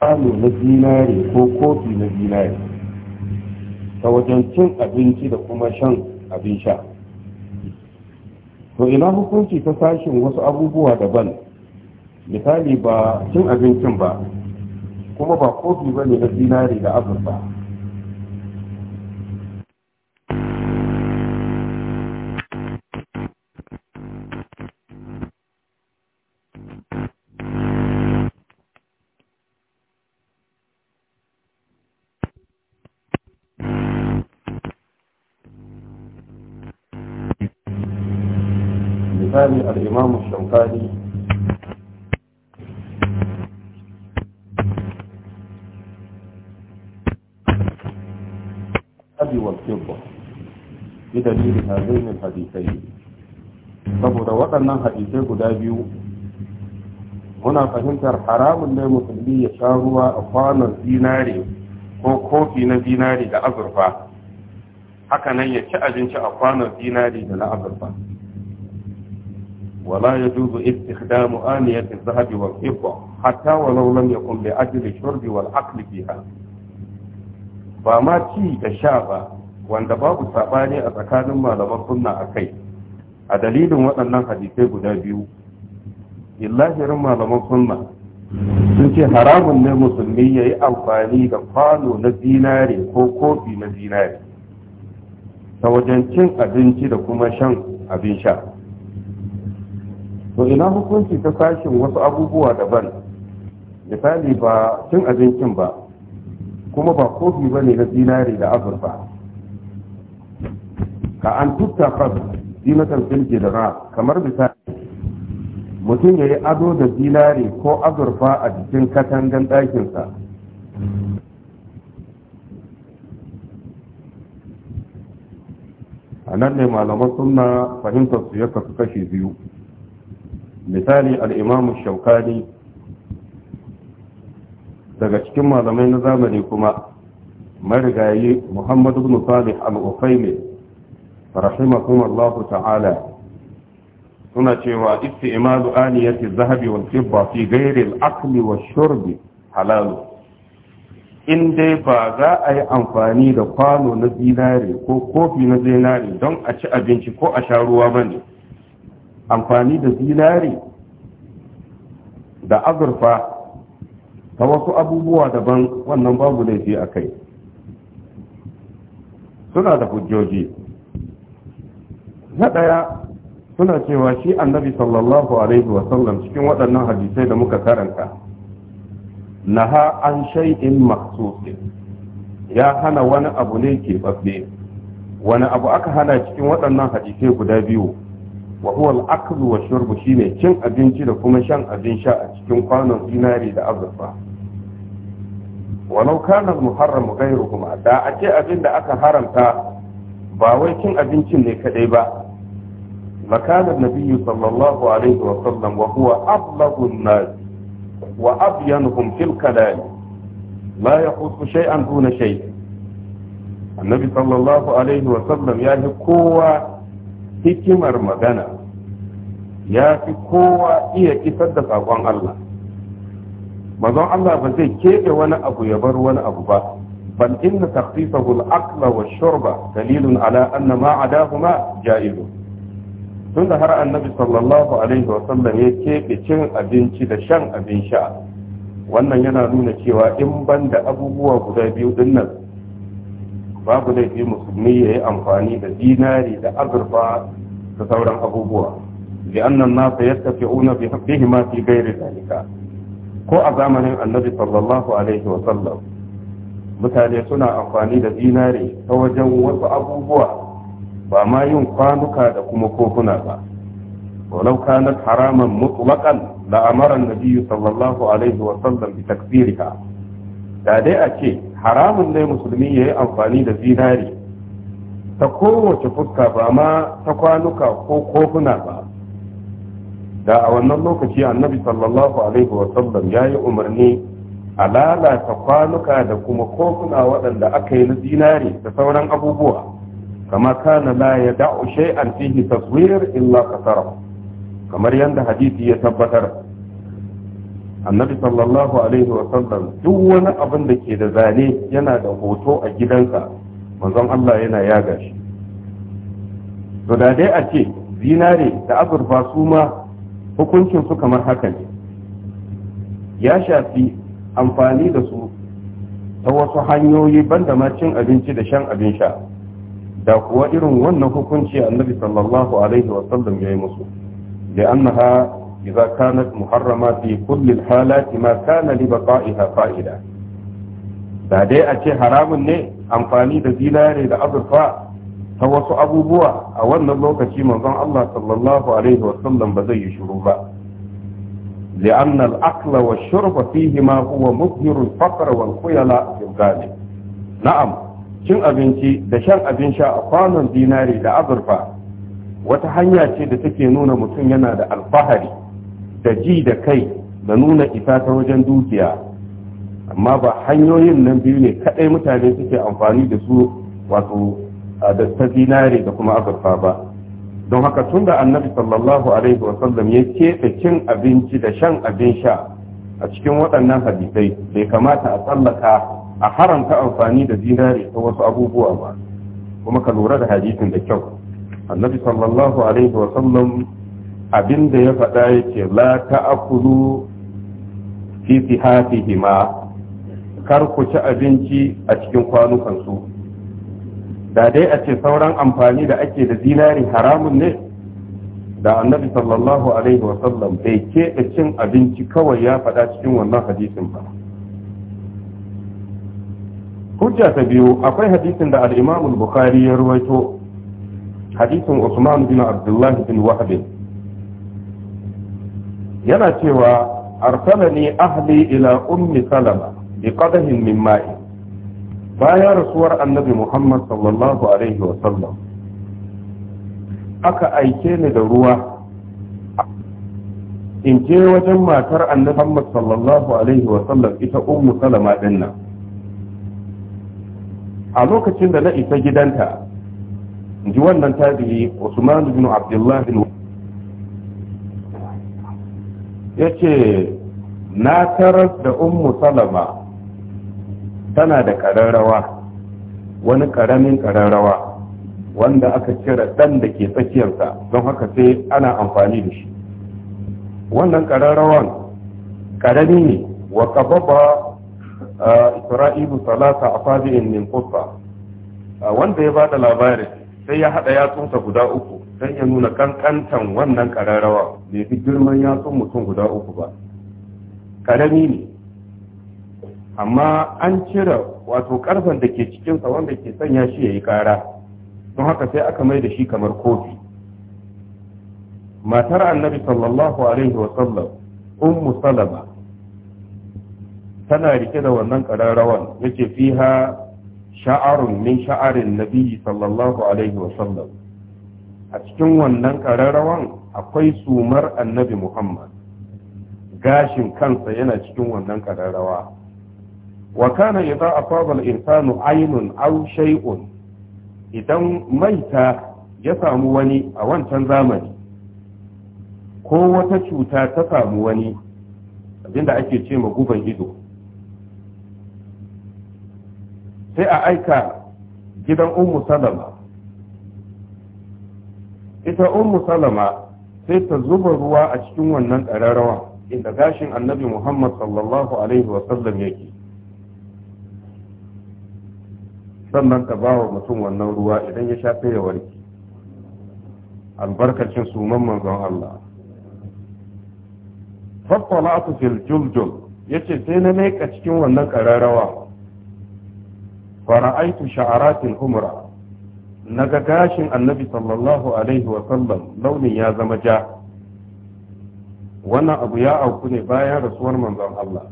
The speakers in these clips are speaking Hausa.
kwano na dinari ko kofi na dinari ta wajen cin abinci da kuma shan abin sha to ina hukunci ta sashin wasu abubuwa daban misali ba cin abincin ba kuma ba kofi ba ne na dinari da azurfa الإمام الشوكاني الذهب والفضة بدليل هذين الحديثين saboda waɗannan hadisai guda biyu muna fahimtar haramun ne musulmi ya sha ruwa a kwanon ko kofi na zinari da azurfa nan ya ci abinci a kwanon zinari da na azurfa ولا يجوز استخدام آنية الذهب والفضة حتى ولو لم يكن لأجل الشرب والعقل فيها فما تي تشابه wanda babu saɓani a tsakanin malaman sunna a kai a dalilin waɗannan hadisai guda biyu illahirin malaman sunna sun ce haramun ne musulmi ya yi amfani da kwano na zinare ko kofi na zinare ta wajen cin abinci da kuma shan abin sha to ina hukunci ta sashin wasu abubuwa daban misali ba cin abincin ba kuma ba kofi ba ne na zinari da azurfa ka an tutta fas zinatar filke da ra kamar misali mutum ya yi ado da zinari ko azurfa a jikin katangan ɗakinsa a nan ne malaman suna fahimtar su ya kasu kashe biyu misali al'imamu shaukani daga cikin malamai na zamani kuma marigayi muhammadu bin salih al'ufaimin rahimahum Allah ta'ala suna cewa isti'malu aniyati zahabi wal fidda fi ghairi al-akli wa shurbi halal in dai ba za a yi amfani da kwano na zinari ko kofi na zinare don a ci abinci ko a sha ruwa bane amfani da zinari da azurfa ta wasu abubuwa daban wannan babu laifi a kai suna da hujjoji na ɗaya suna cewa shi annabi sallallahu alaihi wasallam cikin waɗannan hadisai da muka karanta Na ha an shay'in maksusin ya hana wani abu ne ke babbe wani abu aka hana cikin waɗannan hadisai guda biyu wa huwa al-aklu wa shurbu shine cin abinci da kuma shan abin sha a cikin kwanon zinari da azurfa walau kana al-muharram ghayruhuma da a ce abin da aka haramta ba wai cin abincin ne kadai ba مكان النبي صلى الله عليه وسلم وهو أبلغ الناس وأبينهم في الكلام لا يخص شيئا دون شيء النبي صلى الله عليه وسلم يعني قوة hikimar magana ya fi kowa iya isar da saƙon Allah mazan Allah ba zai keɓe wani abu ya bar wani abu ba bal inna takhfifahu al-aqla wa shurba dalilun ala anna ma adahuma ja'izun tunda har annabi sallallahu alaihi wa sallam ya keɓe cin abinci da shan abin sha wannan yana nuna cewa in ban da abubuwa guda biyu ɗinnan. babu laifi musulmi ya yi amfani da dinari da azurfa da sauran abubuwa li'anna an-nas yastafi'una bihima fi ghairi zalika ko a zamanin annabi sallallahu alaihi wa sallam mutane suna amfani da dinari ta wajen wasu abubuwa ba ma yin kwanuka da kuma kofuna ba ولو كانت حراما مطلقا لأمر النبي صلى الله عليه وسلم بتكفيرها da dai a ce haramun ne musulmi ya yi amfani da zinari ta kowace fuska ba ma ta kwanuka ko kofuna ba da a wannan lokaci annabi sallallahu alaihi wasallam ya yi umarni a lalata kwanuka da kuma kofuna waɗanda aka yi na zinari da sauran abubuwa kama kana la ya da'u shay'an fihi taswir illa kasara kamar yadda hadisi ya tabbatar annabi sallallahu alaihi wa sallam duk wani abin da ke da zane yana da hoto a gidansa manzon Allah yana yaga shi to da dai a ce zinare da azurfa su ma hukuncin su kamar haka ne ya shafi amfani da su ta wasu hanyoyi banda ma cin abinci da shan abin sha da kuwa irin wannan hukunci annabi sallallahu alaihi wa sallam ya yi musu da annaha إذا كانت محرمة في كل الحالات ما كان لبقائها da dai a ce haramun ne amfani da zinare da azurfa ta wasu abubuwa a wannan lokaci manzon Allah sallallahu alaihi wasallam ba zai yi shiru ba لأن الأكل والشرب فيهما هو مظهر الفقر والخيلاء في الغالب نعم cin abinci da shan abin sha a kwanon dinari da azurfa wata hanya ce da take nuna mutum yana da alfahari da ji da kai da nuna isa ta wajen dukiya amma ba hanyoyin nan biyu ne kadai mutane suke amfani da su wato da ta zinari da kuma azurfa ba don haka tun da annabi sallallahu alaihi sallam ya da cin abinci da shan abin sha a cikin waɗannan hadisai bai kamata a tsallaka a haramta amfani da zinari ta wasu abubuwa ba kuma ka lura da hadisin da kyau annabi sallallahu alaihi sallam. abin da ya faɗa yake la akulu fi ma. kar ku ci abinci a cikin kwanukan su da dai a ce sauran amfani da ake da zinari haramun ne da annabi sallallahu alaihi wasallam bai ke da cin abinci kawai ya faɗa cikin wannan hadisin ba hujja ta biyu akwai hadisin da al-imam bukhari ya ruwaito hadisin usman bin abdullah bin wahab yana cewa arsalani ahli ila ummi salama bi qadahin min ma'i bayan rasuwar annabi muhammad sallallahu alaihi wa sallam aka aike ni da ruwa in je wajen matar annabi muhammad sallallahu alaihi wa sallam ita ummu salama dinnan a lokacin da na isa gidanta in ji wannan tabi'i usman bin abdullah bin ce na tarar da ummu salama tana da kararrawa wani karamin kararrawa wanda aka cire ɗan da ke tsakiyarsa don haka sai ana amfani da shi wannan kararrawan karami ne wa kababa uh, isra'ilu salata a fadi'in min uh, wanda ya bada labarin sai ya haɗa yatsunsa guda uku don ya nuna ƙanƙantan wannan ƙararrawa, bai fi girman yatsun mutum guda uku ba karami ne amma an cire wato ƙarfen da ke cikinsa wanda ke sanya shi ya yi ƙara, don haka sai aka mai da shi kamar kofi matar annabi sallallahu alaihi wa sallam, ummu salama tana rike da wannan ƙararrawan, yake fiha sha'arun min sha'arin nabi sallallahu alaihi wasallam a cikin wannan ƙararrawan akwai sumar annabi muhammad gashin kansa yana cikin wannan ƙararrawa wa kana idza asaba al-insanu aynun aw idan maita ya samu wani a wancan zamani ko wata cuta ta samu wani abinda ake ce ma guban ido sai a aika gidan ummu salama ita ummu salama sai ta zuba ruwa a cikin wannan ƙararrawa inda gashin annabi muhammad sallallahu alaihi wasallam yake sannan ta ba wa mutum wannan ruwa idan ya sha ya warke albarkacin suman manzon Allah fattalatu fil juljul yace sai na naika cikin wannan ƙararrawa fara'aitu sha'aratil umra naga gashin annabi sallallahu alaihi wa sallam launin ya zama ja wannan abu ya auku ne bayan rasuwar manzon Allah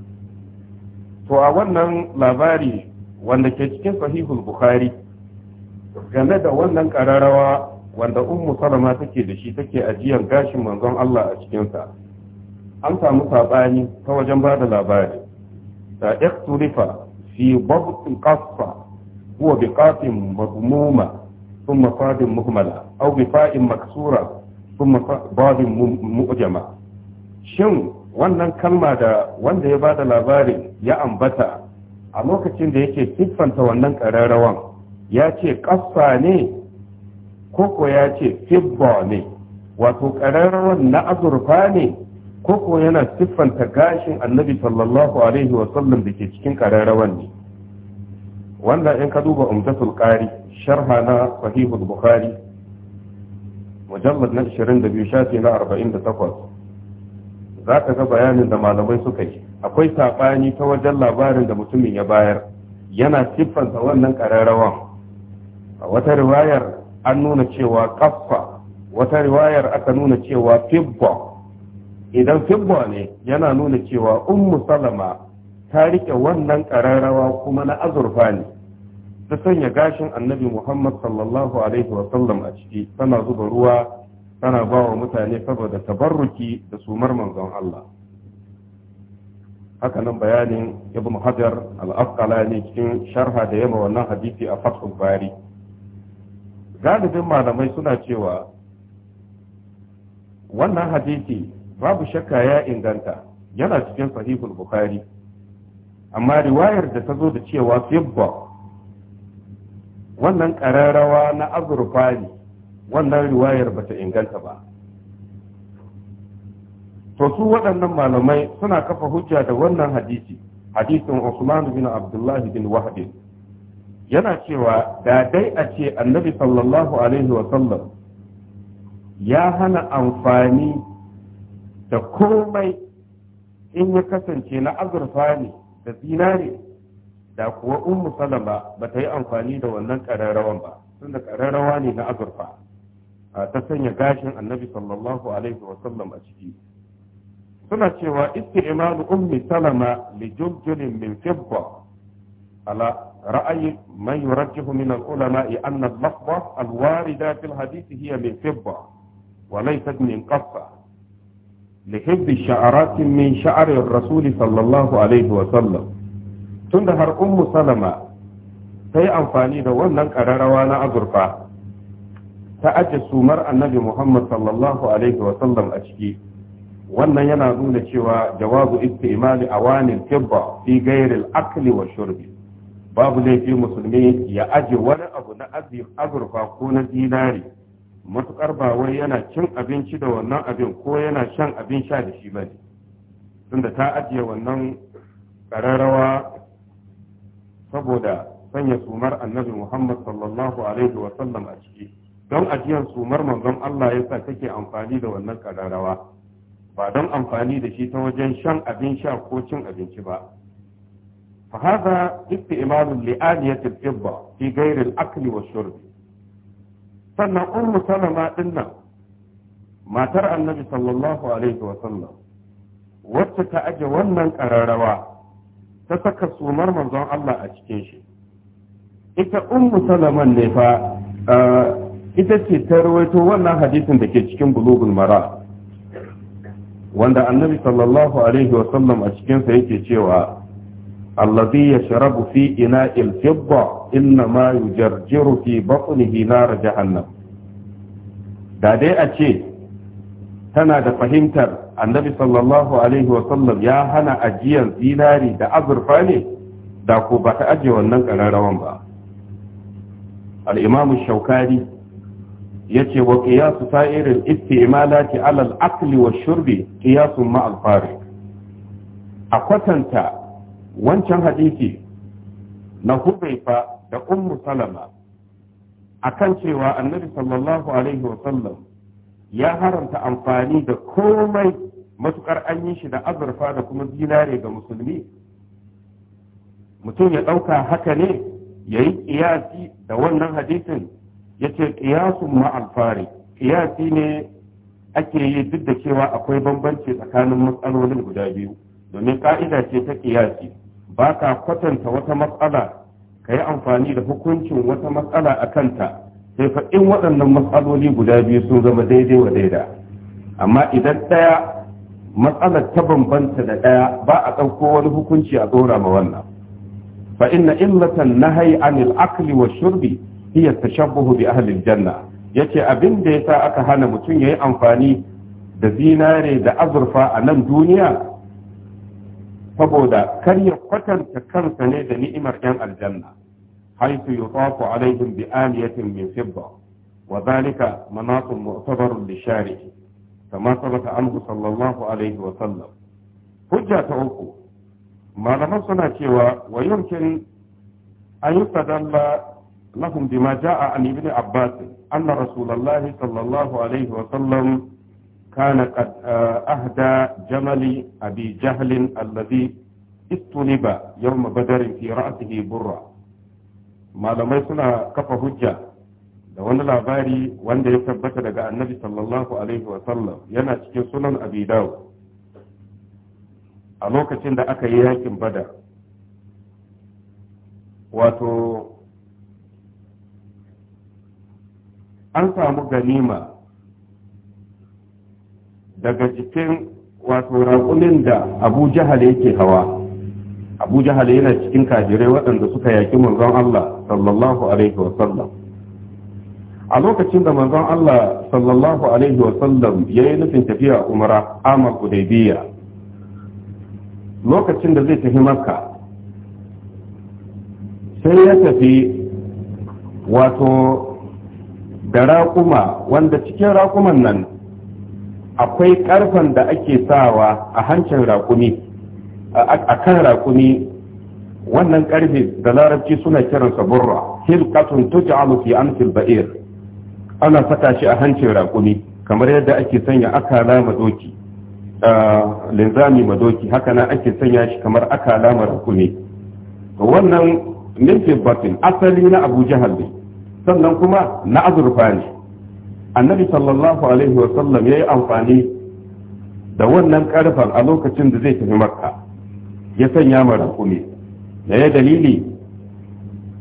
to a wannan labari wanda ke cikin sahihul bukhari game da wannan kararrawa wanda ummu salama take da shi take ajiyar gashin manzon Allah a cikinsa an samu sabani ta wajen ba da labari da ikturifa fi babu qasfa huwa biqatin madmuma thumma fadin mukmala aw bifa'in maksura thumma badin mu'jama shin wannan kalma da wanda ya bada labarin ya ambata a lokacin da yake siffanta wannan ƙararrawan ya ce ƙasa ne koko ya ce fibba ne wato ƙararrawan na azurfa ne koko yana siffanta gashin annabi sallallahu alaihi wasallam da ke cikin ƙararrawan ne wannan in ka duba umdatul qari sharha na al bukhari mujallad na 22 shafi na 48 za ka ga bayanin da malamai suka yi akwai sabani ta wajen labarin da mutumin ya bayar yana siffanta wannan kararrawan a wata riwayar an nuna cewa kaffa wata riwayar aka nuna cewa fibba idan fibba ne yana nuna cewa ummu salama ta riƙe wannan ƙararrawa kuma na azurfa ne ta sanya gashin annabi muhammad sallallahu alaihi wasallam a ciki tana zuba ruwa tana ba wa mutane saboda tabarruki da sumar manzon allah Hakanan bayanin ibn hajar al ne cikin sharha da yamma wannan hadisi a fathul bari galibin malamai suna cewa wannan hadisi babu shakka ya inganta yana cikin sahihul bukhari amma riwayar da ta zo da cewa fibba wannan ƙararrawa na azurfa ne wannan riwayar bata inganta ba to su waɗannan malamai suna kafa hujja da wannan hadisi hadisin Usman bin Abdullah bin Wahb yana cewa da dai a ce annabi sallallahu alaihi wa sallam ya hana amfani da komai in ya kasance na azurfa ne da zinare da kuwa ummu salama ba ta yi amfani da wannan ƙararrawan ba tun da ƙararrawa ne na azurfa ta sanya gashin annabi sallallahu alaihi wa sallam a ciki suna cewa isti'malu ummi salama li juljulin min fibba ala ra'ayi man yurajjihu min al-ulama anna al-lafza al-warida fil hadith hiya min fibba wa laysat min qaffa lihibbi sha'aratin min sha'arin rasuli sallallahu alaihi wasallam tun da har ummu salama ta yi amfani da wannan ƙararrawa na azurfa ta aje sumar annabi muhammad sallallahu alaihi wasallam a ciki wannan yana nuna cewa jawabu istimali awanil kibba fi gairil akli wa shurbi babu laifin musulmi ya aje wani abu na azurfa ko na zinari. Matuƙar ba wai yana cin abinci da wannan abin ko yana shan abin sha da shi ba ne tunda ta ajiye wannan ƙararrawa saboda sanya sumar annabi muhammad sallallahu alaihi wa sallam a ciki don ajiyar sumar manzon allah ya sa kake amfani da wannan ƙararrawa ba don amfani da shi ta wajen shan abin sha ko cin abinci ba فهذا استعمال لآلية الفضة في غير wa والشرب sannan ummu salama din nan matar annabi sallallahu alaihi wa sallam wacce ta aje wannan kararrawa ta saka sumar manzon Allah a cikin shi ita ummu salaman ne fa ita ce ta rawaito wannan hadisin da ke cikin bulugul mara wanda annabi sallallahu alaihi wa sallam a cikinsa yake cewa alladhi yashrabu fi ina'il fidda inna ma yujarjiru fi batnihi nar jahannam da dai a ce tana da fahimtar annabi sallallahu alaihi wa sallam ya hana ajiyar zinari da azurfa ne da ku ba ta ajiye wannan kararrawan ba al-imamu shaukari yace wa qiyasu sa'irin isti'malati ala alal akli wa shurbi qiyasun ma a kwatanta wancan hadisi na hudaifa da ummu salama akan cewa annabi sallallahu alaihi sallam ya haramta amfani da komai matukar an yi shi da azurfa da kuma zinare ga musulmi mutum ya ɗauka haka ne ya yi ƙiyasi da wannan hadisin ya ce ƙiyasun ma'alfari ƙiyasi ne ake yi duk da cewa akwai bambanci tsakanin matsalolin guda biyu domin ƙa'ida ce ta ƙiyasi ba ka kwatanta wata matsala ka yi amfani da hukuncin wata matsala a kanta sai fa in waɗannan matsaloli guda biyu sun zama daidai wa daida amma idan ɗaya matsalar ta bambanta da ɗaya ba a ɗauko wani hukunci a ɗora ma wannan fa inna illatan nahai anil akli wa shurbi hiya tashabbuhu bi ahli janna yace abin da yasa aka hana mutum yayi amfani da zinare da azurfa a nan duniya saboda kar ya kwatanta kansa ne da ni'imar yan aljanna haitu yutafu alaihim bi aliyatin min fidda wa zalika manatun mu'tabarun li shari'i kama sabata anhu sallallahu alaihi wa sallam hujja ta uku malaman suna cewa wa yumkin an yustadalla لهم بما جاء عن ابن Abbas, أن رسول sallallahu صلى wa sallam. kana ahda jamali abi jahlin alladhi istuliba yawm badr fi ra'sihi burra malamai suna kafa hujja da wani labari wanda ya tabbata daga annabi sallallahu yana cikin sunan abi dawud a lokacin da aka yi yakin bada. wato an samu ganima daga cikin wato raƙumin da abu jahal yake hawa abu jahal yana cikin kajirai waɗanda suka yaƙi manzon Allah sallallahu alaihi wa sallam a lokacin da manzon Allah sallallahu alaihi wa sallam yayi nufin tafiya umra amal hudaybiya lokacin da zai tafi makka sai ya tafi wato da raƙuma wanda cikin raƙuman nan akwai ƙarfen da ake sawa a hancin raƙumi a kan raƙumi wannan ƙarfe da larabci suna kiransa burra hilqatun tuj'alu fi fil ba'ir ana saka shi a hancin raƙumi kamar yadda ake sanya akala madoki linzami madoki haka nan ake sanya shi kamar akala marakumi wannan min batin asali na abu jahal ne sannan kuma na azurfa ne annabi sallallahu alaihi wasallam ya yi amfani da wannan karfan a lokacin da zai tafi makka ya sanya mara kumi da ya dalili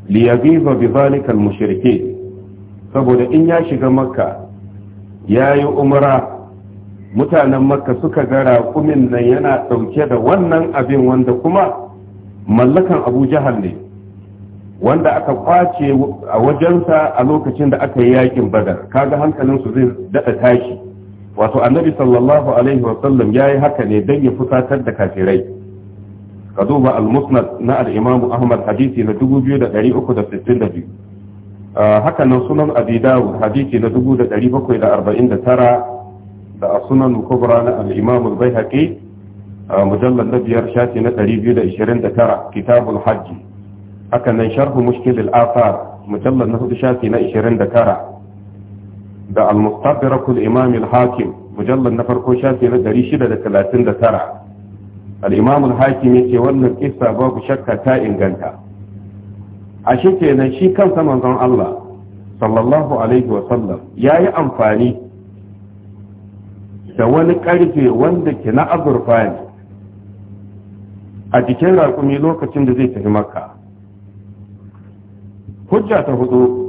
liyagiza bi zalikal mushrike saboda in ya shiga makka ya yi umara mutanen makka suka ga raƙumin nan yana ɗauke da wannan abin wanda kuma mallakan abu jahal ne wanda aka kwace a wajensa a lokacin da aka yi yakin badar kaga hankalinsu zai daɗa tashi wato annabi sallallahu alaihi wasallam ya yi haka ne don ya fusatar da kafirai ka duba al-musnad na al-imamu ahmad hadisi na 2362 haka nan sunan abi dawud hadisi na 1749 da sunan kubra na al-imamu al-baihaqi mujallal na biyar shafi na 229 kitabul hajji haka nan sharhu mushkil al-afar mujallad na hudu shafi na ishirin da al-mustadrak al-imam al-hakim mujallad na farko shafi na dari shida da 639 al-imam al-hakim ya ce wannan kissa babu shakka ta inganta ashe kenan shi kansa manzon Allah sallallahu alaihi wa sallam yayi amfani da wani karfe wanda ke na azurfa ne a jikin raƙumi lokacin da zai tafi makka hujja ta hudu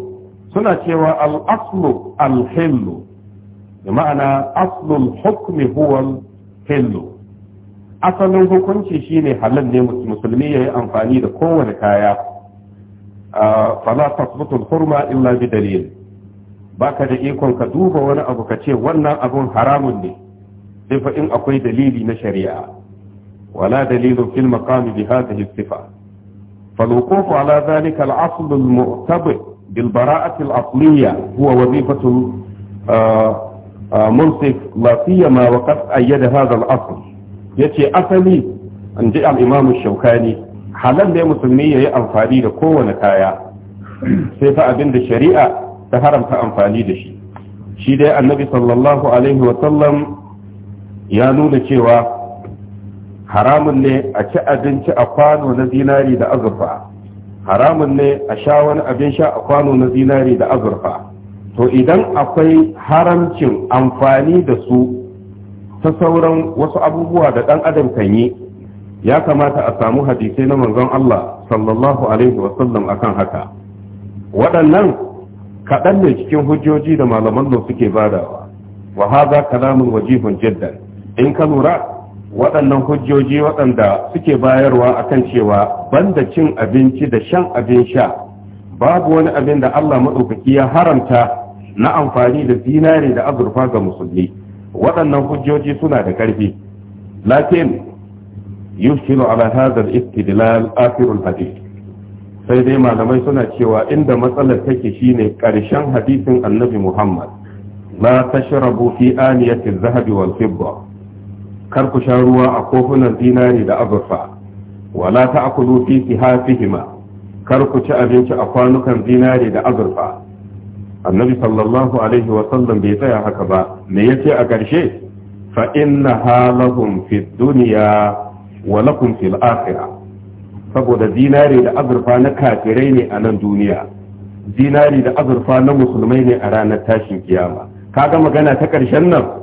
suna cewa al-aslu al-hillu da ma'ana aslul hukmi huwal hillu asalin hukunci shine halal ne musulmi ya yi amfani da kowane kaya fala tasbutul hurma illa bi dalil baka da ikon ka duba wani abu ka ce wannan abun haramun ne sai fa in akwai dalili na shari'a wala dalilun fil maqami bi hadhihi sifa فالوقوف على ذلك الأصل المؤتبئ بالبراءة الأصلية هو وظيفة منصف لا سيما وقد أيد هذا الأصل يتي أصلي أن جاء الإمام الشوكاني حلال لي مسلمية يأنفالي لكون كايا سيفا أبن الشريعة تهرم تأنفالي لشي shi dai annabi sallallahu alaihi wasallam ya nuna cewa haramun ne a ci abinci a kwano na zinari da azurfa haramun ne a sha wani abin sha a kwano na zinari da azurfa to idan akwai haramcin amfani da su ta sauran wasu abubuwa da ɗan adam kan yi ya kamata a samu hadisai na manzon Allah sallallahu alaihi wasallam akan haka waɗannan kaɗan ne cikin hujjoji da malaman da suke badawa wa haza kalamun wajihun jiddan in ka lura waɗannan hujjoji waɗanda suke bayarwa akan cewa banda cin abinci da shan abin sha babu wani abin da Allah maɗaukaki ya haramta na amfani da zinari da azurfa ga musulmi waɗannan hujjoji suna da ƙarfi lakin yushkilu ala hadha al-istidlal akhir al-hadith sai dai malamai suna cewa inda matsalar take shine ƙarshen hadisin annabi Muhammad la tashrabu fi aniyati adh-dhahabi wal-fidda kar ku sha ruwa a kofunan zinari da azurfa wala ta'kulu fi sihafihima kar ku ci abinci a kwanukan zinari da azurfa annabi sallallahu alaihi wa sallam bai tsaya haka ba me yace a ƙarshe fa inna halahum fi dunya wa lakum fil akhirah saboda zinari da azurfa na kafirai ne a nan duniya zinari da azurfa na musulmai ne a ranar tashin kiyama kaga magana ta ƙarshen nan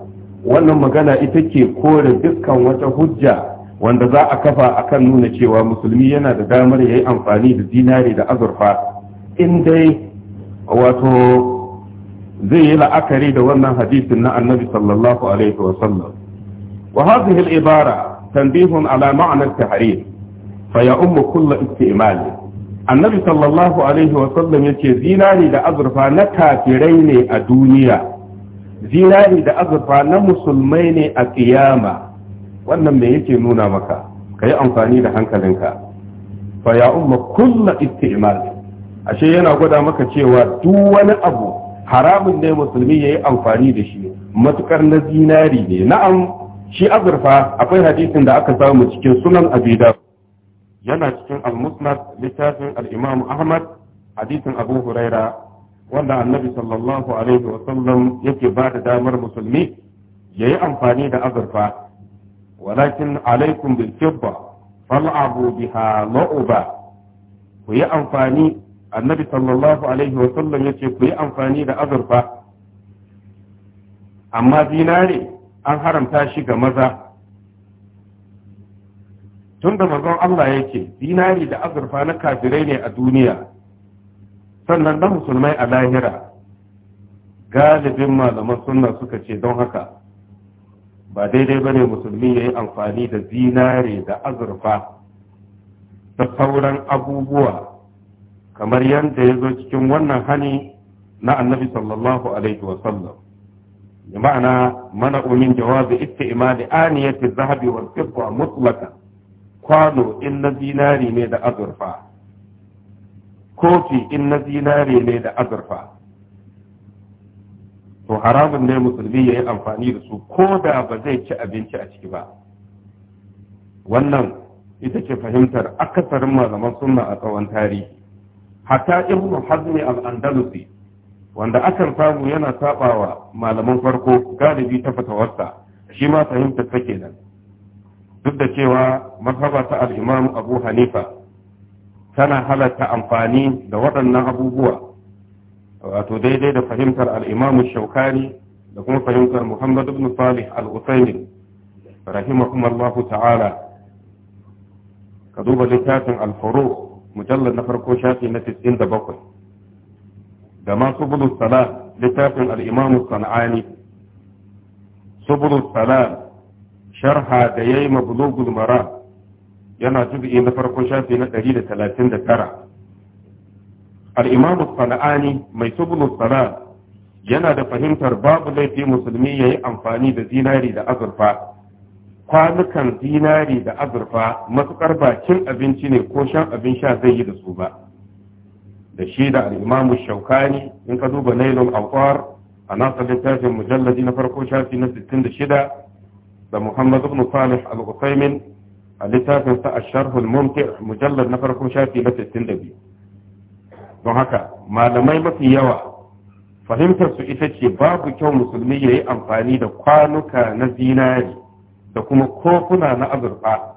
wannan magana ita ke kore dukkan wata hujja wanda za a kafa akan nuna cewa musulmi yana da damar ya yi amfani da zinari da azurfa in dai wato zai yi la'akari da wannan hadisin na annabi sallallahu alaihi wa sallam wa hadhihi al-ibara tanbihun ala ma'na at-tahrim fa ya ya'ummu kull isti'mal annabi sallallahu alaihi wa sallam yace zinari da azurfa na kafirai ne a duniya zinari da azurfa na musulmai ne a kiyama wannan me yake nuna maka ka yi amfani da hankalinka fa ya umma kulla isti'mal ashe yana gwada maka cewa duk wani abu haramun ne musulmi ya yi amfani da shi matukar na zinari ne na'am shi azurfa akwai hadisin da aka samu cikin sunan abida yana cikin al-musnad littafin al-imam ahmad hadisin abu huraira wanda annabi sallallahu alaihi wa sallam yake ba da damar musulmi ya yi amfani da azurfa walakin alaikum bil kibba fal'abu biha la'uba ku yi amfani annabi sallallahu alaihi wa sallam yace ku yi amfani da azurfa amma dinare an haramta shi ga maza tunda manzon Allah yake dinari da azurfa na kafirai ne a duniya sannan na musulmai a lahira galibin malaman sunna suka ce don haka ba daidai ba ne musulmi ya yi amfani da zinare da azurfa da sauran abubuwa kamar yadda ya zo cikin wannan hani na annabi sallallahu alaihi wasallam da ma'ana mana umin jawabi ita imani aniyar zahabi wa mutlaka kwano in na zinari ne da azurfa kofi in na zinare ne da azurfa to haramun ne musulmi ya yi amfani da su ko da ba zai ci abinci a ciki ba wannan ita ce fahimtar akasarin malaman sunna a tsawon tarihi hatta ibn hazmi al-andalusi wanda akan samu yana sabawa malaman farko galibi ta fatawarsa shi ma fahimtar take nan duk da cewa mazhaba ta al-imam abu hanifa tana halatta amfani da waɗannan abubuwa wato daidai da fahimtar al'imamu shaukani da kuma fahimtar Muhammadu ibn salih al-usaini rahimahumallahu ta'ala ka duba littafin al mujallar na farko shafi na 97 da ma subulus sala littafin al'imamu sana'ani subulus sala sharha da ya yi mabulugul mara yana juzu'i na farko shafi na 139 al-imamu sana'ani mai subulu sana yana da fahimtar babu laifi musulmi ya yi amfani da zinari da azurfa kwanukan zinari da azurfa matukar bakin abinci ne ko shan abin sha zai yi da su ba da shi da al shaukani in ka duba nailul awqar a nasa littafin mujalladi na farko shafi na 66 da muhammad ibn salih al-usaimin a littafin sa asharhul mumti mujallar na farko shafi na 62 don haka malamai mafi yawa fahimtar su ita ce babu kyau musulmi ya yi amfani da kwanuka na zinari da kuma kofuna na azurfa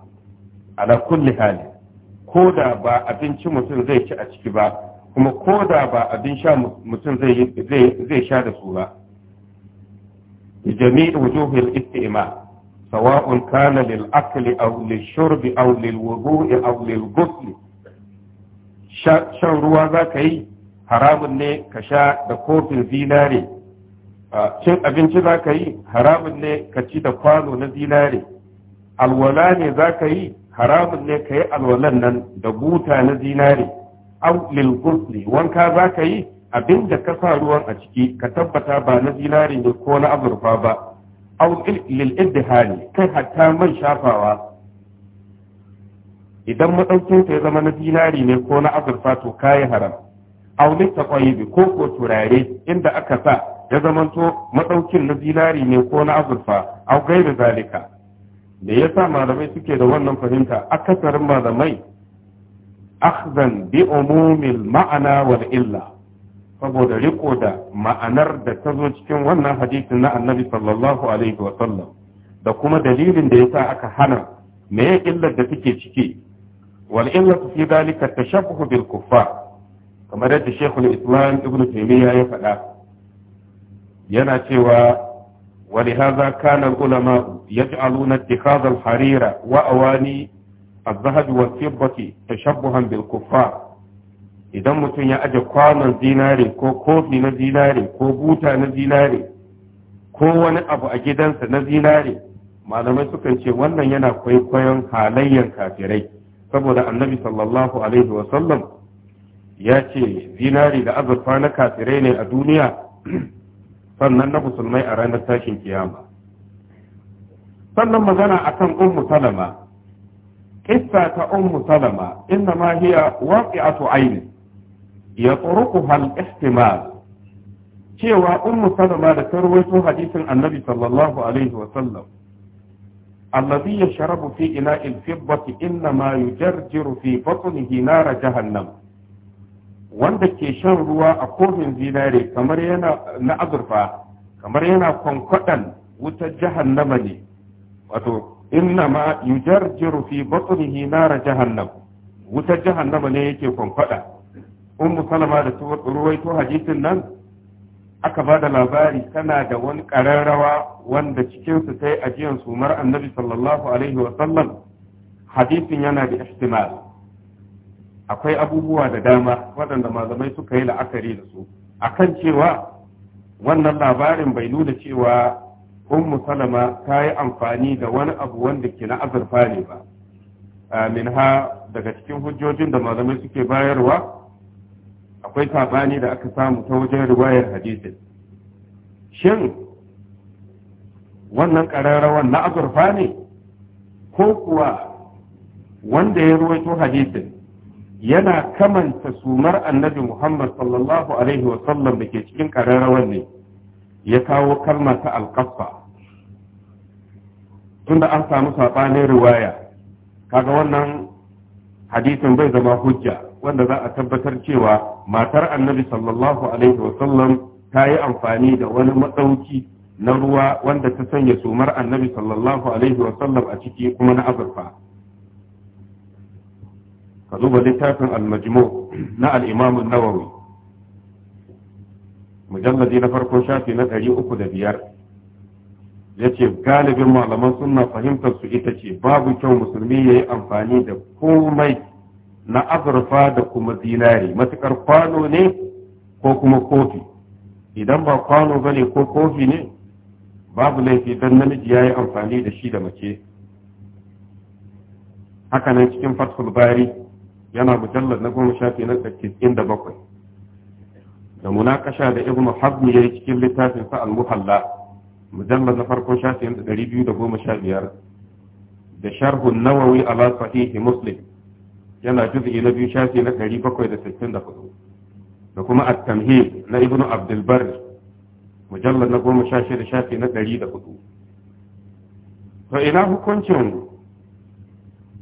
ala kulli hali ko da ba abinci mutum zai ci a ciki ba kuma ko da ba abin sha mutum zai sha da su ba jami'in wujuhul istima سواء كان للأكل أو للشرب أو للوضوء أو للغسل shan ruwa za ka yi haramun ne ka sha da kofin zinare cin abinci za ka yi haramun ne ka ci da kwano na zinare alwala ne za ka yi haramun ne ka yi alwalan nan da buta na zinari. au lil wanka za ka yi abin ka sa ruwan a ciki ka tabbata ba na zinari ne ko na azurfa ba aw lil iddihari kai hatta man shafawa idan madaukin ta ya zama na dinari ne ko na azurfa to kayi haram au lil ko ko turare inda aka sa ya zamanto madaukin na dinari ne ko na azurfa aw gairu zalika da yasa malamai suke da wannan fahimta akasarin malamai akhzan bi umumil ma'ana wal illa saboda riko da ma'anar da ta zo cikin wannan hadisin na annabi sallallahu alaihi wa sallam da kuma dalilin da yasa aka hana me ya illar da take ciki wal illatu fi dalika tashabbuh bil kuffar kamar yadda shekul islam ibnu taymiya ya faɗa yana cewa ولهذا كان harira يجعلون a الحرير وأواني الذهب والفضة تشبها bilkuffa. idan mutum ya aje kwanon zinare ko kofi na zinare ko buta na zinare ko wani abu a gidansa na zinare malamai sukan ce wannan yana kwaikwayon halayyar kafirai saboda annabi sallallahu alaihi wasallam ya ce zinari da azurfa na kafirai ne a duniya sannan na musulmai a ranar tashin kiyama sannan magana akan ummu salama kissa ta ummu salama inna ma hiya waqi'atu ainin ya turuku hal ihtimal cewa ummu salama da tarwaito hadisin annabi sallallahu alaihi wa sallam alladhi yashrabu fi ina'il fiddati inna ma yujarjiru fi batnihi nar jahannam wanda ke shan ruwa a kofin zinare kamar yana na azurfa kamar yana kwankwadan wutar jahannama ne wato inna ma yujarjiru fi batnihi nar jahannam wutar jahannama ne yake kwankwada ummu salama da ruwaito hadisin nan aka ba da labari tana da wani ƙararrawa wanda cikinsu ta yi ajiyar sumar annabi sallallahu alaihi wasallam hadisin yana da ihtimal akwai abubuwa da dama waɗanda malamai suka yi la'akari da su akan cewa wannan labarin bai nuna cewa ummu salama ta yi amfani da wani abu wanda ke na azurfa ne ba minha daga cikin hujjojin da malamai suke bayarwa akwai sabani da aka samu ta wajen riwayar hadisin shin wannan ƙararrawan na azurfa ne ko kuwa wanda ya ruwaito hadisin yana kamanta sumar annabi muhammad sallallahu alaihi wasallam da ke cikin ƙararrawan ne ya kawo kalmar ta alƙaffa? tunda an samu saɓanin riwaya kaga wannan hadisin bai zama hujja wanda za a tabbatar cewa matar annabi sallallahu alaihi wasallam ta yi amfani da wani matsauki na ruwa wanda ta sanya sumar annabi sallallahu alaihi wasallam a ciki kuma na azurfa ka duba littafin almajmu na al'imamun nawawi mujalladi na farko shafi na ɗari uku da biyar ya ce galibin malaman suna fahimtar su ita ce babu kyau musulmi ya yi amfani da komai na azurfa da kuma zinari matukar kwano ne ko kuma kofi idan ba kwano ba ne ko kofi ne babu laifi don namiji ya yi amfani da shi da mace haka nan cikin fathul bari yana mujallar na goma shafi na tsakkin da bakwai da munakasha da ibn hazm ya yi cikin littafin sa al-muhalla mujallar na farko shafi na ɗari biyu da goma sha biyar da sharhun nawawi ala sahihi muslim yana juz'i na biyu shafi na 764 da kuma at-tamhid na ibnu abdul bar mujallad na shida shafi na 104 to ina hukuncin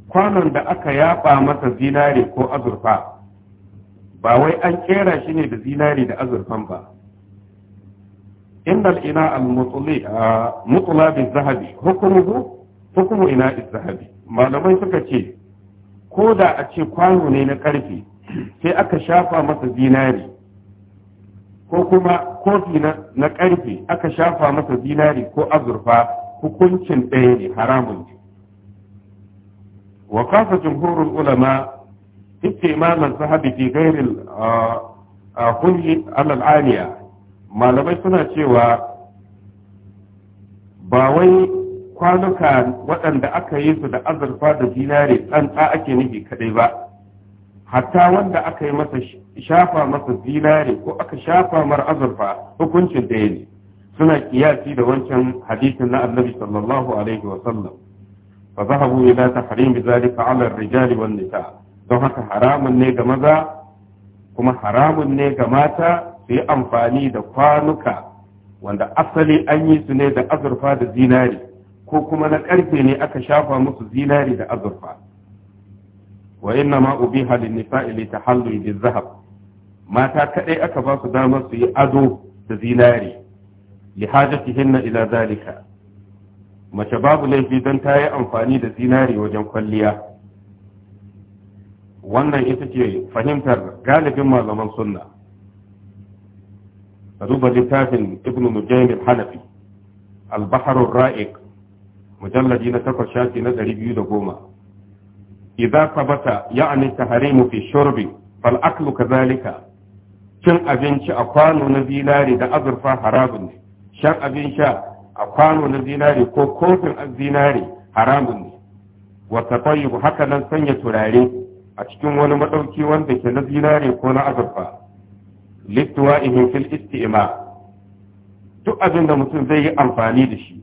kwanon da aka yaba masa zinare ko azurfa ba wai an kera shi ne da zinare da azurfan ba inda ina al-mutla bi zahabi hukumu hukumu ina zahabi malamai suka ce ko da a ce kwano ne na ƙarfe sai aka shafa masa zinari ko kuma kofi na ƙarfe aka shafa masa zinari ko azurfa hukuncin ɗaya ne haramun ce wa kafa jumhurul ulama istimaman sahabi fi gairin a alal aliya malamai suna cewa ba wai kwanuka waɗanda aka yi su da azurfa da zinare tsantsa ake nufi kaɗai ba hatta wanda aka yi masa shafa masa zinare ko aka shafa mar azurfa hukuncin ɗaya ne suna kiyasi da wancan hadisin na annabi sallallahu alaihi wa sallam fa zahabu ila tahrim zalika ala ar-rijali wan nisa don haka haramun ne ga maza kuma haramun ne ga mata su yi amfani da kwanuka wanda asali an yi su ne da azurfa da zinari ko kuma na karfe ne aka shafa musu zinari da azurfa wa inna ma ubi halin nisa'i li hallu bil zahab mata kaɗai aka ba su damar su yi ado da zinari li hinna ila zalika mace babu laifi don ta yi amfani da zinari wajen kwalliya wannan ita ce fahimtar galibin malaman sunna a duba littafin ibn mujahid hanafi al-baharul ra'iq mujalladi na takwas shafi na ɗari biyu da goma idan sabata ya aminta harimu fi shurbi fal aklu kazalika cin abinci a kwano na zinari da azurfa haramun ne shan abin sha a kwano na zinari ko kofin zinari haramun ne wata tsayyubu haka nan sanya turare a cikin wani maɗauki wanda ke na zinari ko na azurfa littuwa ihin fil isti'ima duk abin da mutum zai yi amfani da shi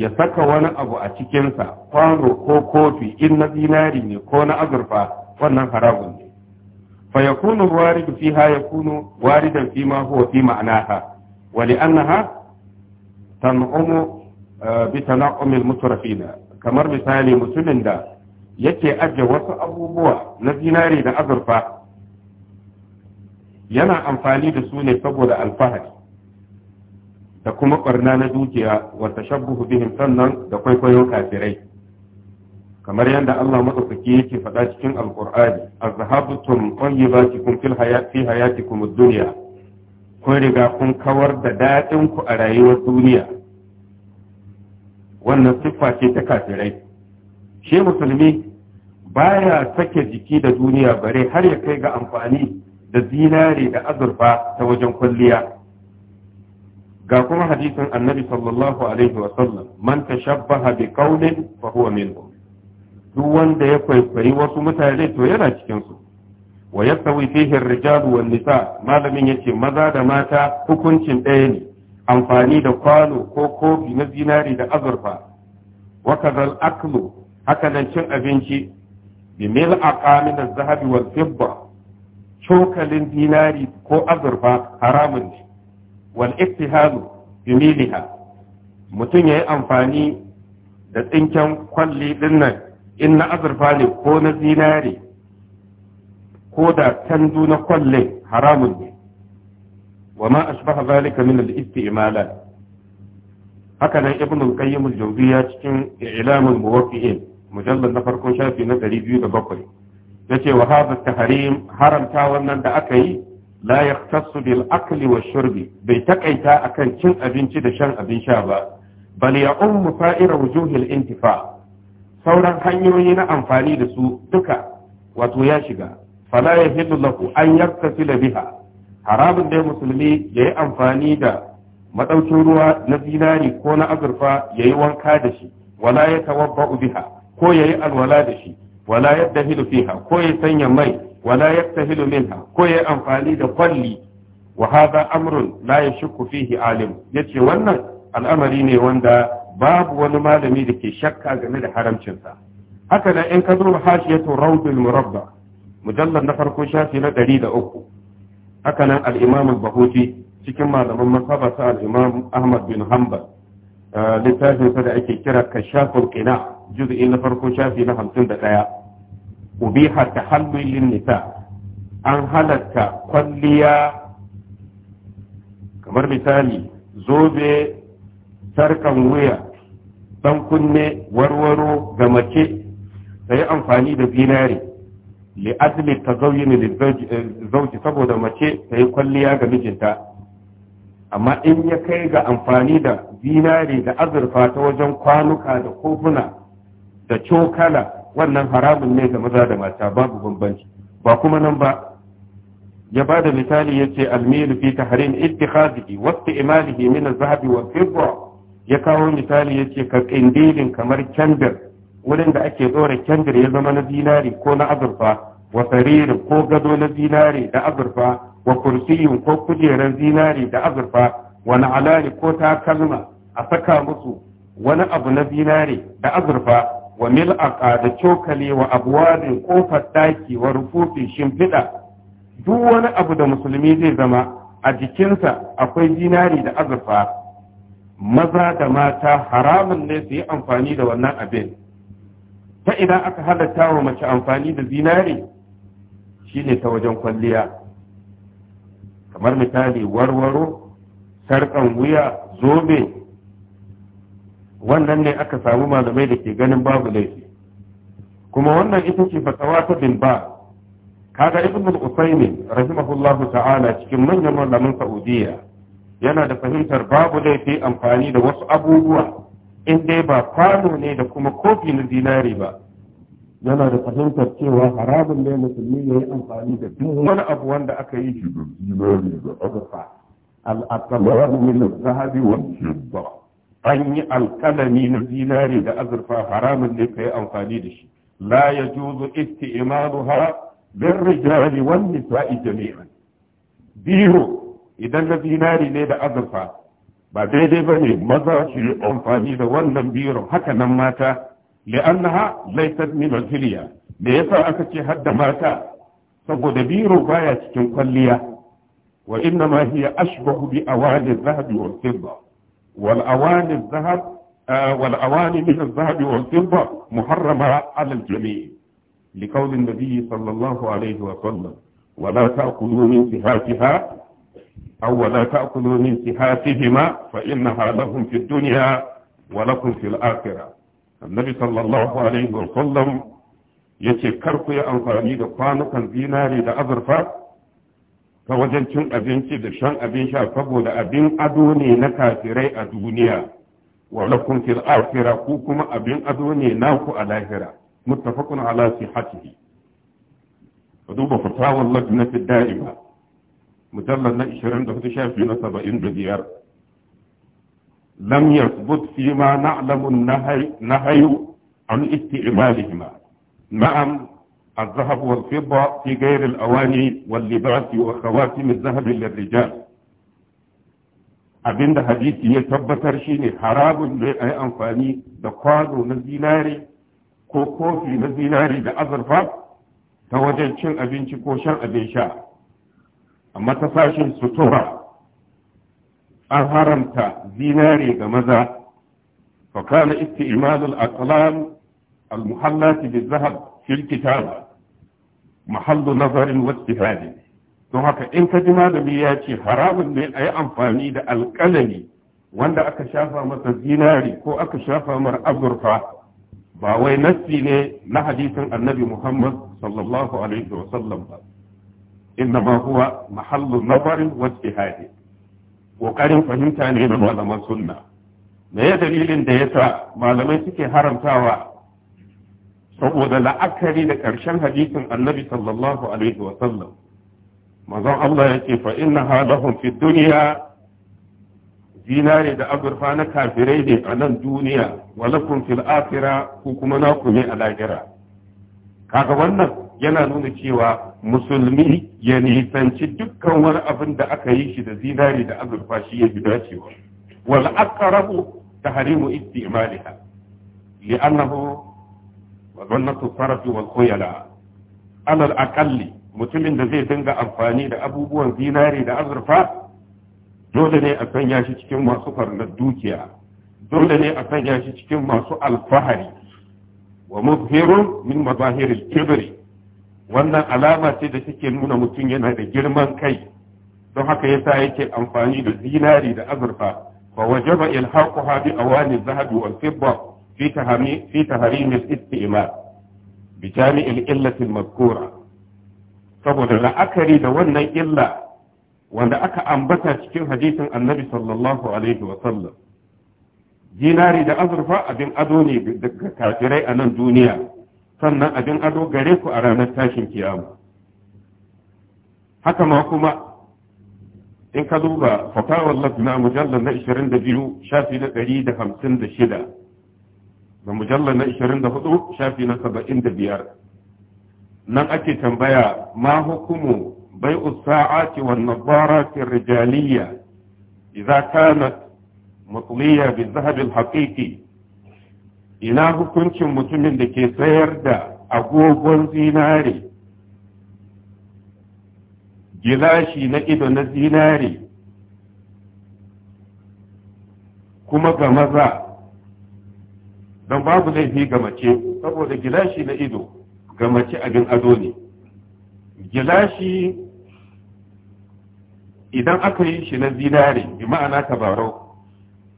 ya saka wani abu a cikinsa kwano ko kofi in na zinari ne ko na azurfa wannan haramun ne fa ha, waridu fiha yakunu waridan fi ma huwa fi ma'anaha wa li'annaha tan'umu eh, bi tanaqum al-mutrafina kamar misali mutumin da yake ajiye wasu abubuwa na zinari da azurfa yana amfani da su ne saboda alfahari da kuma ɓarna na dukiya wata shabbuhu bihim sannan da kwaikwayon kafirai kamar yadda Allah madaukaki yake faɗa cikin alqur'ani azhabtum tayyibatikum fil hayati fi hayatikum ad-dunya kun riga kun kawar da daɗin ku a rayuwar duniya wannan siffa ce ta kafirai shi musulmi baya sake jiki da duniya bare har ya kai ga amfani da zinare da azurfa ta wajen kwalliya ga kuma hadisin annabi sallallahu alaihi wa sallam man tashabbaha bi qaumin fa huwa minhum duk wanda ya kwaikwayi wasu mutane to yana cikin su wa yastawi fihi ar-rijal wan nisa malamin yace maza da mata hukuncin ɗaya ne amfani da kwano ko kofi na zinari da azurfa wa kadhal aklu haka nan cin abinci bi mil aqamin az-zahabi wal cokalin zinari ko azurfa haramun ne wal iftihalu bimiliha mutum ya yi amfani da tsinken kwalli din nan in na azurfa ne ko na zinare ko da tandu na kwallin haramun ne wa ma ashbaha zalika min al-isti'malat haka nan ibn qayyim al-jawziyya cikin i'lamul muwaffiqin mujallad na farkon shafi na 207 yace wa hadha at-tahrim haramta wannan da aka yi la yaktasu bil akli wa shurbi bai takaita akan cin abinci da shan abin sha ba bal ya ummu fa'ira wujuhil intifa sauran hanyoyi na amfani da su duka wato ya shiga fala yahillu lahu an yaktasila biha haramun da musulmi ya yi amfani da madaukin ruwa na zinari ko na azurfa ya yi wanka da shi wala ya tawabba biha ko ya yi alwala da shi wala yadda fiha ko ya sanya mai wala yaktahilu minha ko ya yi amfani da kwalli wa hada na ya yashukku fihi alim ce wannan al'amari ne wanda babu wani malami da ke shakka game da haramcinsa hakanan nan in ka zo hashiyatu rawdul murabba mujallad na farko shafi na 103 haka nan al-imam al cikin malaman masaba ta al-imam ahmad bin hanbal littafin da ake kira kashaful qina juz'i na farko shafi na 51 ubiha tahallul lin nisa an halatta kwalliya kamar misali zobe sarkan wuya dan kunne warwaro ga mace ta yi amfani da zinare li azli tazawyin zauji saboda mace ta yi kwalliya ga mijinta amma in ya kai ga amfani da zinare da azurfa ta wajen kwanuka da kofuna da cokala wannan haramun ne ga maza da mata babu bambanci ba kuma nan ba ya ba da misali ya ce almiru fi tahrim ittikhadihi wa imalihi min zahabi wa fidda ya kawo misali ya ce ka kindilin kamar kyandir wurin da ake dora kyandir ya zama na zinari ko na azurfa wa saririn ko gado na zinari da azurfa wa kursiyin ko kujerar zinari da azurfa wa na'alani ko takalma a saka musu wani abu na zinari da azurfa wa mil'aqa da cokali wa abwadin kofar daki wa rufufin shimfiɗa duk wani abu da musulmi zai zama a jikinsa akwai zinari da azurfa maza da mata haramun ne su yi amfani da wannan abin ta idan aka halatta wa mace amfani da zinari shine ta wajen kwalliya kamar misali warwaro sarƙan wuya zobe wannan ne aka samu malamai da ke ganin babu laifi kuma wannan ita ce fatawa ta bin ba kaga ibn al-usaymin rahimahullahu ta'ala cikin manyan malaman saudiya yana da fahimtar babu laifi amfani da wasu abubuwa in dai ba kwano ne da kuma kofi na zinari ba yana da fahimtar cewa haramun ne musulmi ya yi amfani da duk wani abu wanda aka yi shi da zinari da azurfa al-aqallu min al-zahabi wa an yi alkalami na zinari da azurfa haramun ne ka yi amfani da shi la ya juzu isti'maluha bin rijali wan nisa'i jami'an biro idan na zinari ne da azurfa ba daidai ba ne maza su amfani da wannan biro haka nan mata li'annaha laysat min al Me ya yasa aka ce hadda mata saboda biro baya cikin kwalliya wa inna ma hiya ashbahu bi awali dhahabi wal fidda والأواني الذهب آه، والأواني من الذهب والفضة محرمة على الجميع لقول النبي صلى الله عليه وسلم ولا تأكلوا من سهاتها أو ولا تأكلوا من سهاتهما فإنها لهم في الدنيا ولكم في الآخرة النبي صلى الله عليه وسلم يتكرق يا أنصاري لقانك إذا لأظرفك ta wajen cin abinci da shan abin sha saboda abin ado ne na kafirai a duniya wa lakum fil akhirah ku kuma abin ado ne naku a lahira muttafaqun ala sihhatihi wa duba fatawa lajnati da'ima mujallad na 24 shafi na 75 lam yathbut fi ma na'lamu an-nahy an isti'malihima ma'am الذهب والفضة في غير الأواني واللباس وخواتم الذهب للرجال abinda hadisi ya tabbatar shine harabin da ya yi amfani da kwano na zinari ko kofi na zinari da azurfa ta wajen cin abinci ko shan abin sha amma ta sashin sutura an haramta zinari ga maza فكان استعمال الأقلام المحلات zahab في الكتابة mahallu nazarin wattihadi don haka in ka ji malami ya ce haramun ne a yi amfani da alƙalami wanda aka shafa masa zinari ko aka shafa mar azurfa ba wai nassi ne na hadisin annabi muhammad sallallahu alaihi wa sallam ba innama huwa mahallu nazarin wattihadi ƙoƙarin fahimta ne na malaman sunna me ya dalilin da yasa malamai suke haramtawa saboda la'akari da ƙarshen hadisin annabi sallallahu alaihi wa sallam manzon Allah ya ce fa inna halahum fi dunya dinare da azurfa na kafirai ne a nan duniya walakum fil akhirah ko kuma na ku a lahira kaga wannan yana nuna cewa musulmi ya nisanci dukkan wani abin da aka yi shi da zinari da azurfa shi ya fi dacewa wal aqrabu tahrimu istimaliha li'annahu wa zannatu faratu wal khuyala alal akalli, mutumin da zai dinga amfani da abubuwan zinari da azurfa dole ne a sanya shi cikin masu farnar dukiya dole ne a sanya shi cikin masu alfahari wa mubhirun min mazahiril kibri wannan alama ce da take nuna mutum yana da girman kai don haka yasa yake amfani da zinari da azurfa fa wajaba ilhaquha bi awani zahabi wal fidda في تحريم الاستئمار بجامع الإلة المذكورة saboda la'akari da wannan illa wanda aka ambata cikin hadisin annabi sallallahu alaihi sallam. zinari da azurfa abin ado ne daga kafirai a nan duniya sannan abin ado gare ku a ranar tashin kiyama haka ma kuma in ka duba fatawar lafina mujallar na 22 shafi na 156 da mujallar na 24 shafi na 75 nan ake tambaya ma hukumu bai usa'ati wa fi rijaliya idza kana mutliya bi zahabil haqiqi ina hukuncin mutumin da ke sayar da agogon zinare gilashi na ido na zinare kuma ga maza don babu laifi ga mace saboda gilashi na ido ga mace abin ado ne gilashi idan aka yi shi na zinare bi ma'ana tabarau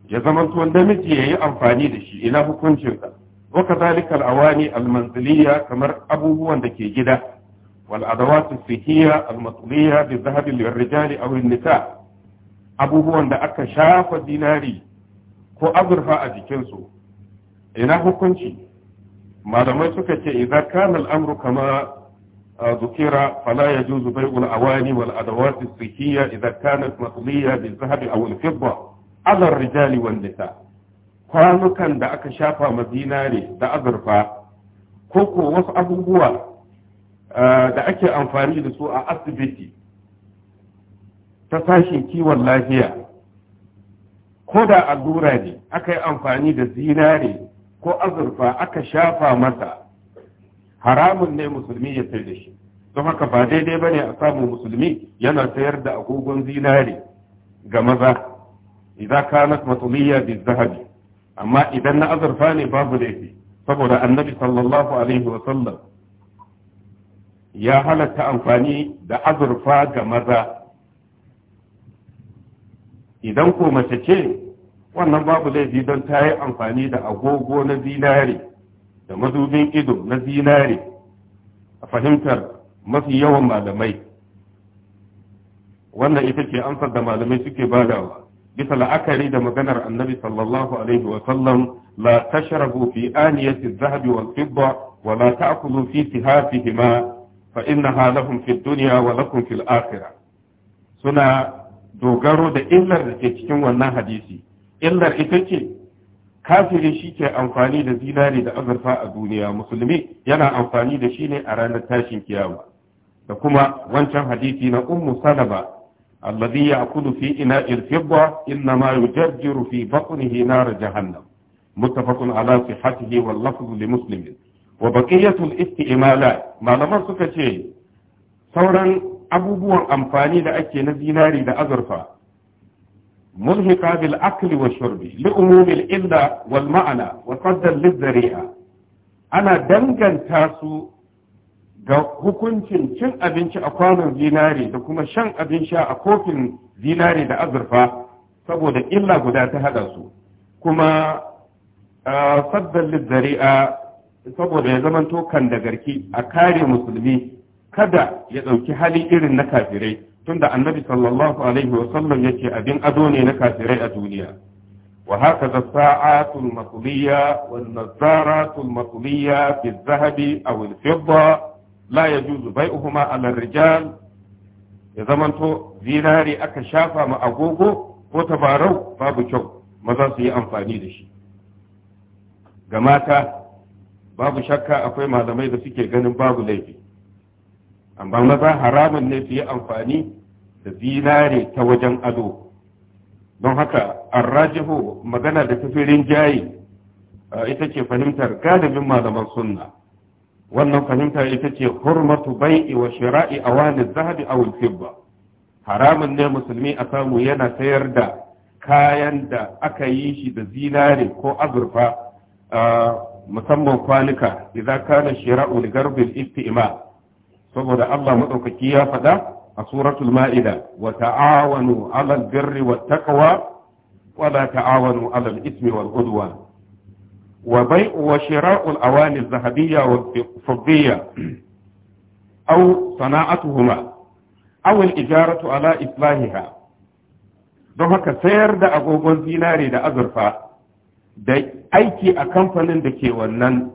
ya zama tuwon namiji ya yi amfani da shi ina hukuncinsa waka zalika al'awani almanziliya kamar abubuwan da ke gida wal adawatu sihiya almatuliya bi zahabin rijali aw nisa abubuwan da aka shafa zinari ko azurfa a jikinsu ina hukunci malamai suka ce idza kana al-amru kama ذكر فلا يجوز بيع الأواني والأدوات الصحية إذا كانت مقضية بالذهب أو الفضة على الرجال nisa. kwanukan da aka shafa ma zinare da azurfa ko ko wasu abubuwa da ake amfani da su a asibiti ta sashin kiwon lafiya ko da allura ne aka yi amfani da zinare ko azurfa aka shafa masa haramun ne musulmi ya sayar da shi don haka ba daidai bane a samu musulmi yana sayar da agogon zinare ga maza idza kanat matliya bi zahabi amma idan na azurfa ne babu laifi saboda annabi sallallahu alaihi wa sallam ya halatta amfani da azurfa ga maza idan ko mace ce wannan babu laifi don ta yi amfani da agogo na zinare da mazubin ido na zinare a fahimtar mafi yawan malamai wannan ita ce amsar da malamai suke badawa bisa la'akari da maganar annabi sallallahu alaihi wa sallam la tashrabu fi aniyati adh-dhahabi wal fidda wa la ta'kulu fi sihafihima fa innaha lahum fi dunya wa lakum fil akhirah suna dogaro da illar da ke cikin wannan hadisi illar ita ce kafiri shi ke amfani da zinari da azurfa a duniya musulmi yana amfani da shi ne a ranar tashin kiyama da kuma wancan hadisi na ummu salaba alladhi ya'kulu fi ina'il fidda inna ma yujarjiru fi batnihi nar jahannam muttafaqun ala sihhatihi wal lafz li muslim wa baqiyatul isti'malat malaman suka ce sauran abubuwan amfani da ake na zinari da azurfa ملهقة بالأكل والشرب لأموم الإلة والمعنى وصدا للذريعة أنا دنجن تاسو ga hukuncin cin abinci a kwanon zinari da kuma shan abin sha a kofin zinare da azurfa saboda illa guda ta hada su kuma saddan lizzari'a saboda ya zamanto kan da garki a kare musulmi kada ya ɗauki hali irin na kafirai tunda annabi sallallahu alaihi sallam yake abin ado ne na kafirai a duniya wa haka da sa'atul maqliya wal nazaratul maqliya fi dhahabi aw al fidda la yajuzu bai'uhuma ala rijal ya zamanto zinari aka shafa ma agogo ko tabarau babu kyau maza su yi amfani da shi ga mata babu shakka akwai malamai da suke ganin babu laifi amma maza haramun ne su yi amfani da zinare ta wajen ado don haka an rajihu magana da tafirin jayi ita ce fahimtar galibin malaman sunna wannan fahimtar ita ce hurmatu bai'i wa shira'i a wani zahabi a ba. haramun ne musulmi a samu yana sayar da kayan da aka yi shi da zinare ko azurfa musamman kwanuka idan kana shira'u li istima saboda Allah maɗaukaki ya faɗa a suratul ma'ida wa ta'awanu 'alal birri wat taqwa wa la ta'awanu 'alal ismi wal udwan wa bai'u wa shira'u al-awani adh-dhahabiyya fiddiyya aw sana'atuhuma aw al-ijaratu 'ala islahiha don haka sayar da agogon zinare da azurfa da aiki a kamfanin da ke wannan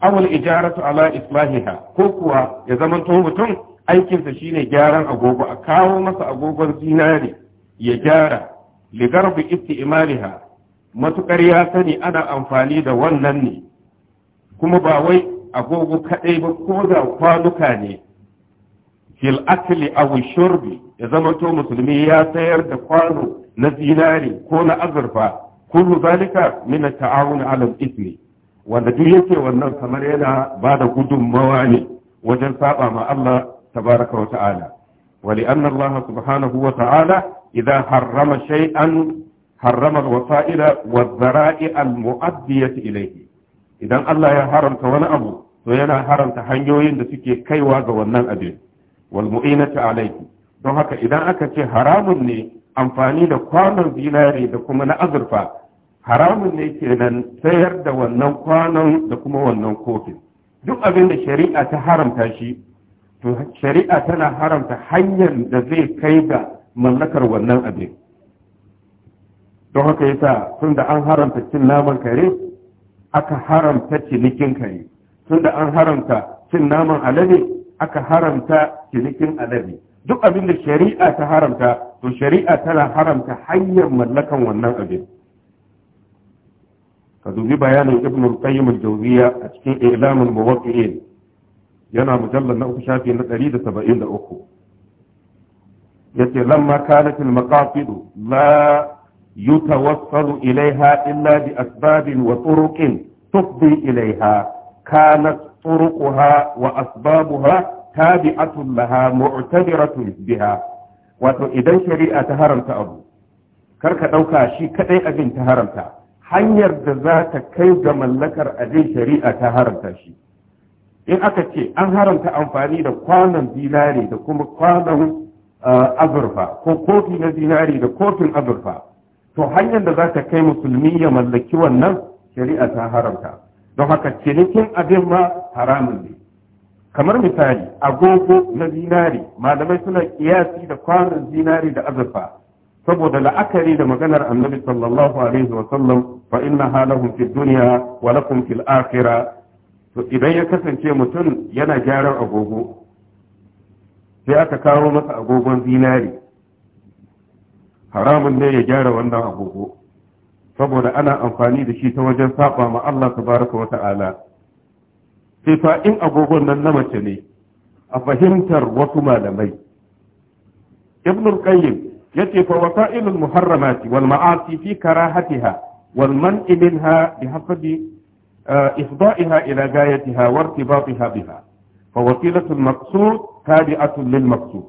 awul ijaratu ala islahiha ko kuwa ya zamanto mutum aikinsa shine gyaran agogo a kawo masa agogon zinari ya gyara garbi isti'maliha matukar ya sani ana amfani da wannan ne kuma ba wai agogo kadai ba ko da kwanuka ne fil akli aw shurbi ya zamanto musulmi ya sayar da kwano na zinari ko na azurfa kullu zalika min taawun ala al wanda duk yake wannan kamar yana ba da gudunmawa ne wajen saba ma Allah tabaraka wa ta'ala wa li'anna subhanahu wa ta'ala idan harrama shay'an harrama al wa dhara'i al-mu'addiyah ilayhi idan Allah ya haramta wani abu to yana haramta hanyoyin da suke kaiwa ga wannan abin wal mu'inati alayhi don haka idan aka ce haramun ne amfani da kwanon zinare da kuma na azurfa haramun ne kenan sayar da wannan kwanon da kuma wannan kofin duk abin da shari'a ta haramta shi to shari'a tana haramta hanyar da zai kai ga mallakar wannan abin don haka yasa tun da an haramta cin naman kare aka haramta cinikin kare tun da an haramta cin naman alade aka haramta cinikin alade duk abin da shari'a ta haramta to shari'a tana haramta hanyar mallakan wannan abin ka dubi bayanin ibn al-qayyim al-jawziya a cikin ilamul muwaqqi'in yana mujallal na uku shafi na 173 yace lamma kana al-maqasid la yutawassalu ilaiha illa bi asbabin wa turuqin tufdi ilaiha kanat turuquha wa asbabuha tabi'atun laha mu'tabiratun biha wato idan shari'a ta haramta abu kar ka dauka shi kadai abin ta haramta hanyar da za ta kai ga mallakar abin shari'a ta haramta shi in aka ce an haramta amfani da kwanon zinari da kuma kwanon uh, azurfa ko kofi na zinari da kofin azurfa to hanyar da za ta kai musulmi ya mallaki wannan shari'a ta haramta don haka cinikin abin ma haramun ne kamar misali agogo na zinari malamai suna kiyasi da kwanon zinari da azurfa saboda la'akari da maganar annabi sallallahu alaihi wa sallam fa inna halahum fid dunya wa lakum fil akhirah to idan ya kasance mutum yana gyaran agogo sai aka kawo masa agogon zinari haramun ne ya gyara wannan agogo saboda ana amfani da shi ta wajen saba ma Allah tabaraka wa ta'ala sai fa in agogon nan na mace ne a fahimtar wasu malamai ibnul qayyim yace fa wasailul muharramati wal ma'asi fi karahatiha wal man'i minha bi hasabi ifda'iha ila gayatiha wa irtibatiha biha fa wasilatul maqsud tabi'atun lil maqsud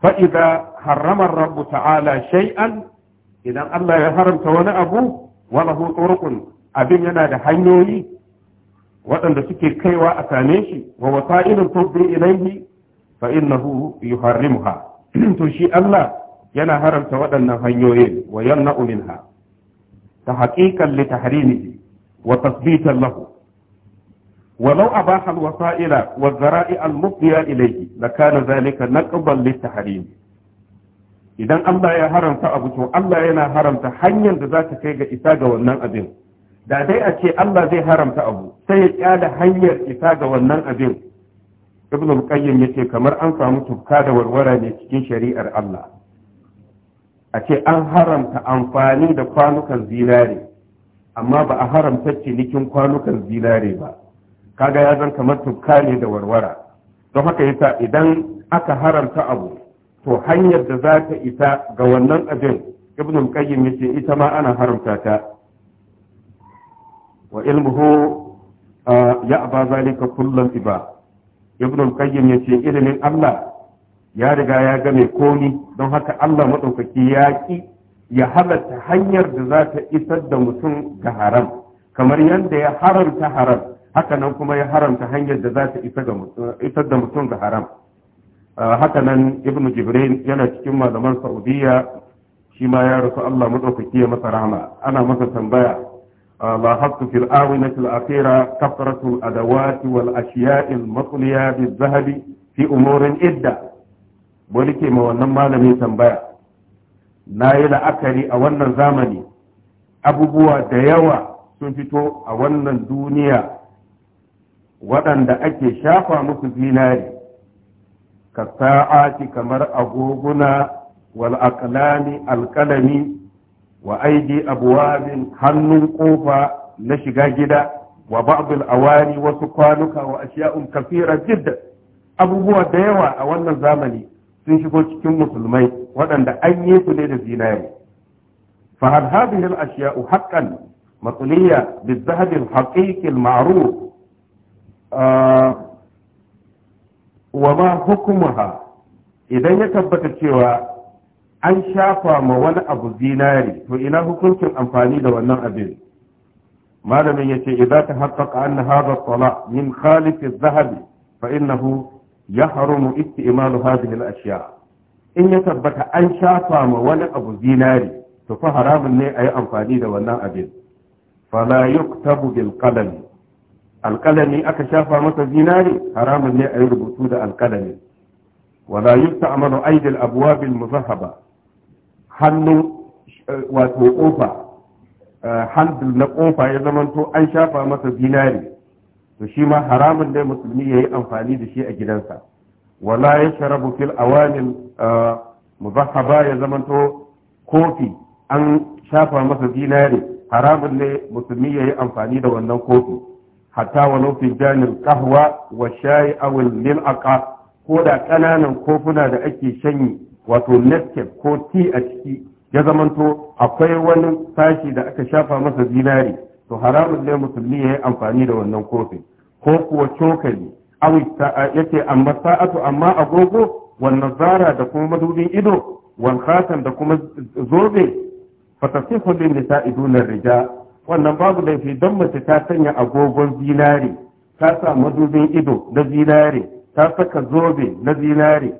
fa idha harrama ar-rabb ta'ala shai'an idan Allah ya haramta wani abu wa lahu turuqun abin yana da hanyoyi waɗanda suke kaiwa a same shi wa wasailul tubbi ilaihi fa innahu yuharrimuha to shi Allah yana haramta waɗannan hanyoyin wa yamna'u minha ta haƙiƙan li tahrimihi wa tasbitan lahu ولو أباح الوسائل والذرائع المفضية إليه لكان ذلك نقضا للتحريم idan Allah ya haramta abu to Allah yana haramta hanyar da za ta kai ga isa ga wannan abin da dai a ce Allah zai haramta abu sai ya kyada hanyar isa ga wannan abin ibn al-qayyim yace kamar an samu tufka da warwara ne cikin shari'ar Allah a ce an haramta amfani da kwanukan zinare amma ba a haramta cinikin kwanukan zinare ba kaga ya zan kamar tukka ne da warwara don haka yasa idan aka haramta abu to hanyar da za ta isa ga wannan abin ibn qayyim yace ita ma ana haramta ta wa ilmuhu ah, ya zalika kullum iba ibn qayyim yace ilimin Allah ya riga ya game komi don haka Allah maɗaukaki ya ƙi ya halatta hanyar da za ta isar da mutum ga haram kamar yadda ya haramta haram haka nan kuma ya haramta hanyar da za ta isar da mutum ga haram ah, haka nan ibn jibril yana cikin malaman saudiya shi ma ya rasu Allah maɗaukaki ya masa rahama ana masa tambaya لاحظت في الآونة الأخيرة كثرة الأدوات والأشياء المطلية بالذهب في أمور idda. wani ke ma wannan malami tambaya na yi la'akari a wannan zamani abubuwa da yawa sun fito a wannan duniya waɗanda ake shafa musu zinari ka sa'ati kamar agoguna wal aqlami alƙalami wa aidi abuwabin hannun ƙofa na shiga gida wa ba'dul awari wasu kwanuka wa ashiya'un kafira jidda abubuwa da yawa a wannan zamani sun shigo cikin musulmai waɗanda an yi su ne da zinari fa had hadhihi al ashiya'u haqqan matliya bil dhahab al haqiqi al ma'ruf ah, wa ma hukumuha idan ya tabbata cewa an shafa ma wani abu zinari to ina hukuncin amfani da wannan abin malamin yace idza tahaqqaqa anna hadha at-tala' min khalif adh-dhahabi fa innahu يحرم استئمال هذه الاشياء ان يثبت ان شافا ما ابو ديناري فحرام لي اي امفاني ده wannan فلا يكتب بالقلم القلم أكشافا شافا مت ديناري حرام ان اي رubutu da ولا يستعمل أيدي الابواب المذهبه حل wato حل handle na kofa ya zamanto an shafa to shi ma haramun ne musulmi yayi amfani da shi a gidansa wala yashrabu fil awanin muzahaba ya zamanto kofi an shafa masa zinare haramun ne musulmi yayi amfani da wannan kofi hatta wani fi janil wa shayi aw milqa ko da kananan kofuna da ake shanyi wato Nescafe ko tea a ciki ya zamanto akwai wani sashi da aka shafa masa zinari to haramun ne musulmi ya yi amfani da wannan kofin ko kuwa cokali yake, amma sa'atu amma agogo wannan zara da kuma madubin ido wan khatan da kuma zobe fatasihu lin nisa'i dunar rija wannan babu laifi dan mace ta sanya agogon zinare ta sa madubin ido na zinare ta saka zobe na zinare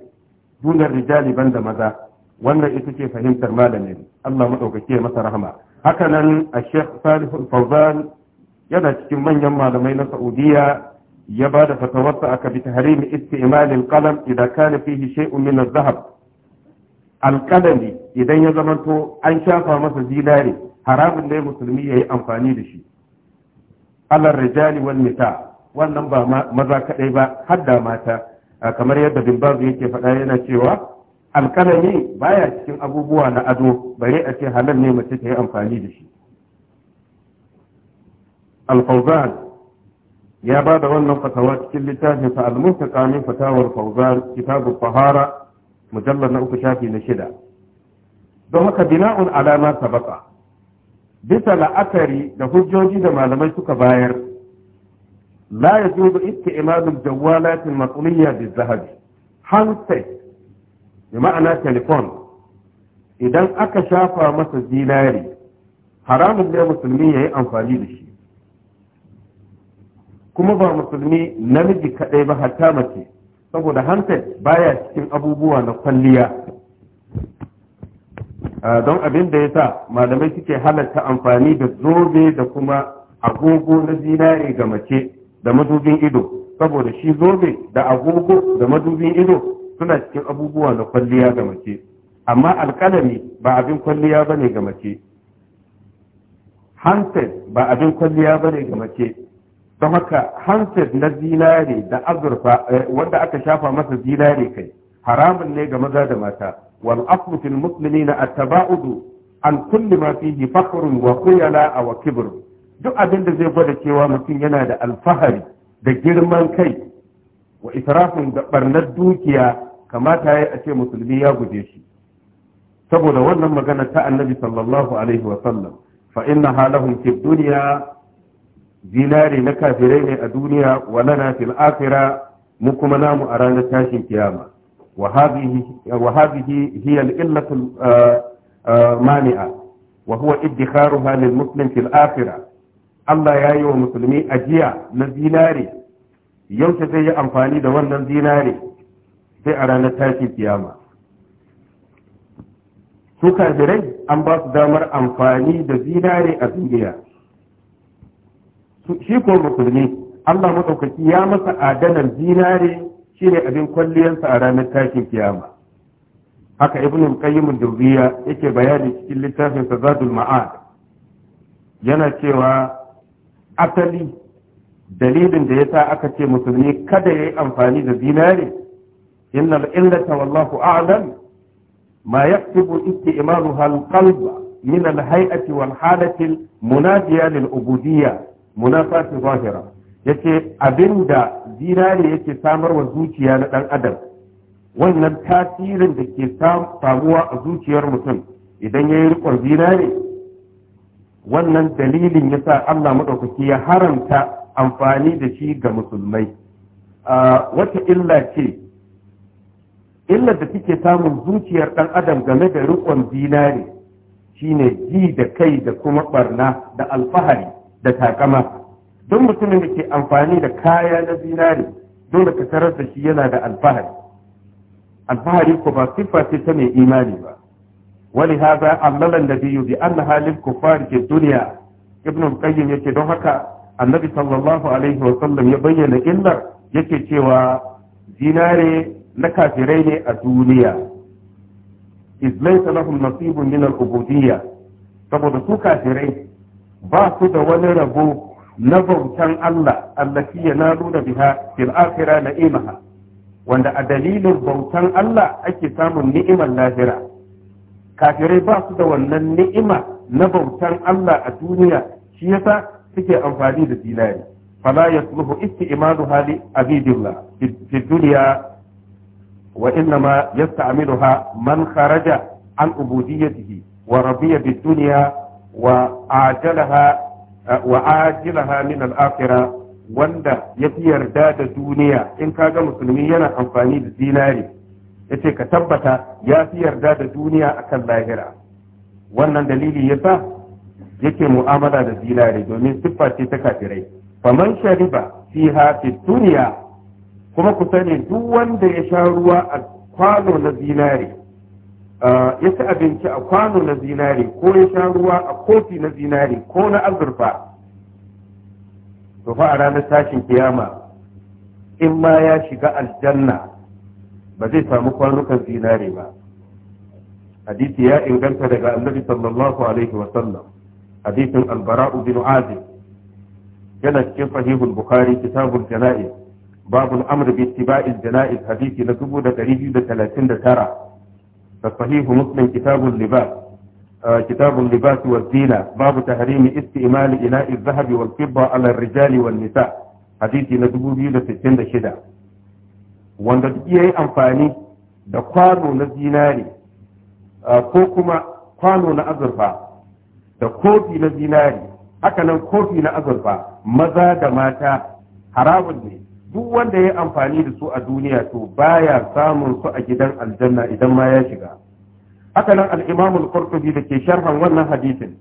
dunar rijali banda maza wannan ita ce fahimtar malamin Allah madaukake masa rahama haka nan a Sheikh Salih Fawzan yana cikin manyan malamai na Saudiya ya ba da fatawarsa aka bi tahrim istimal al kalam idan kana fihi shay'un min az-zahab idan ya zamanto an shafa masa zinare haramun ne musulmi ya yi amfani da shi alar rijali wal nisa wannan ba maza kaɗai ba har da mata kamar yadda bin yake faɗa yana cewa alkalami baya cikin abubuwa na ado bare a ce halal ne mace ta yi amfani da shi alfauzan ya ba da wannan fatawa cikin littafin sa almustaqa min fatawar fauzan kitabun fahara mujallar na uku shafi na shida don haka bina'un alama sabaka bisa la'akari da hujjoji da malamai suka bayar la yajuzu isti'malul jawalatil maqliyya bizahabi handset da ma'ana telefon idan aka shafa masa zinari haramun ne musulmi ya yi amfani da shi kuma ba musulmi namiji kaɗai ba hatta mace saboda hantar baya cikin abubuwa na kwalliya don abin da ya sa malamai suke halatta amfani da zobe da kuma agogo na zinari ga mace da madubin ido saboda shi zobe da agogo da madubin ido suna cikin abubuwa na kwalliya ga mace amma alkalami ba abin kwalliya ba ne ga mace hanset ba abin kwalliya ba ne ga mace don haka na zinare da azurfa eh, wanda aka shafa masa zinare kai haramun ne ga maza da mata wal aslu fil na at-taba'udu an kulli ma fihi fakhrun wa khuyala aw kibr duk abin da zai gwada cewa mutum yana da alfahari da girman kai wa israfin da barnar dukiya kamata ya a ce musulmi ya guje shi saboda wannan magana ta annabi sallallahu alaihi wa sallam fa inna halahum fi dunya zinari na kafirai ne a duniya wa lana fil akhirah mu kuma namu a ranar tashin kiyama wa hadhihi hiya al illatu uh, uh, mani'a wa huwa iddikharuha lil muslim fil akhirah Allah ya yi wa musulmi ajiya na zinari yaushe zai yi amfani da wannan zinare sai a ranar tashin kiyama su kafirai an ba su damar amfani da zinare a duniya shi ko musulmi Allah maɗaukaki ya masa adanar zinare shine abin kwalliyarsa a ranar tashin kiyama haka ibn qayyim durriya yake bayani cikin littafin zadul ma'ad yana cewa asali dalilin da yasa aka ce musulmi kada ya yi amfani da zinare إن العلة والله أعلم ما يكتب استئمارها القلب من الهيئة والحالة المنادية للعبودية منافاة ظاهرة yace abin da zinare yake samar wa zuciya na ɗan adam wannan tasirin da ke samuwa a zuciyar mutum idan ya yi rikon zinari wannan dalilin ya sa allah maɗaukaki ya haramta amfani da shi ga musulmai wata illa ce illar da take samun zuciyar ɗan adam game da rikon zinare shine ji da kai da kuma barna da alfahari da takama don mutumin da ke amfani da kaya na zinare dole ka tarar da shi yana da alfahari alfahari ko ba siffa ce ta mai imani ba wani haza allalan da biyu bi an halin kufar ke duniya ibn al-qayyim yake don haka annabi sallallahu alaihi wa sallam ya bayyana illar yake cewa zinare na kafirai ne a duniya is laysa lahum nasibun min al-ubudiyya saboda su kafirai ba su da wani rabo na bautan Allah allati nuna biha fil akhirah na'imaha wanda a dalilin bautan Allah ake samun ni'imar lahira kafirai ba su da wannan ni'ima na bautan Allah a duniya shi yasa suke amfani da dinari fala yasluhu isti'malu hali abidillah fi wa ma yasta'miluha man kharaja an ubudiyyatihi wa rabiya bid-dunya wa ajalaha wa ajilaha min al wanda ya fi yarda da duniya in ka ga musulmi yana amfani da zinari yace ka tabbata ya fi yarda da duniya a kan lahira wannan dalili yasa yake mu'amala da zinari domin siffa ce ta kafirai faman shariba fiha fi duniya kuma ku sani duk wanda ya sha ruwa a kwano na zinare ya ci abinci a kwano na zinare ko ya sha ruwa a kofi na zinare ko na azurfa to fa a ranar tashin kiyama in ma ya shiga aljanna ba zai samu kwanukan zinare ba hadisi ya inganta daga annabi sallallahu alaihi wa sallam hadisin albara'u bin azib yana cikin Fahimul bukhari kitabul janaiz babu al'amr bi ittiba'il jana'iz hadisi na 2239 sahih muslim kitabul libas كتاب اللباس والزينة باب تحريم استعمال إناء الذهب والفضة على الرجال والنساء حديثي ندبو بيو لستين دا شدا وان دا إيه أنفاني دا قانو نزيناري كوكما قانو نأذرفا دا كوفي نزيناري haka nan kofi na azurfa maza da mata haramun ne duk wanda ya amfani da su a duniya to baya samun su a gidan aljanna idan ma ya shiga haka nan al-imam al-qurtubi da ke sharhan wannan hadisin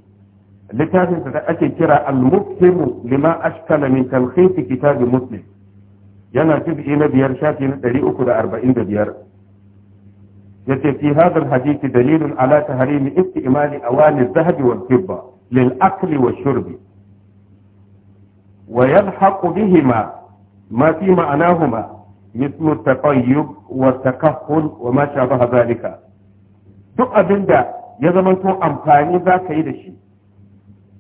littafin da ake kira al-muftimu lima ashkala min talkhis kitab muslim yana juz'i na biyar shafi na 345 yace fi hadha al-hadith dalilun ala tahrim istimali awani adh-dhahab wal-fidda lil-akli wash-shurb ويلحق بهما ما في معناهما مثل التطيب والتكهل وما شابه ذلك duk abin da ya zamanto amfani za ka yi da shi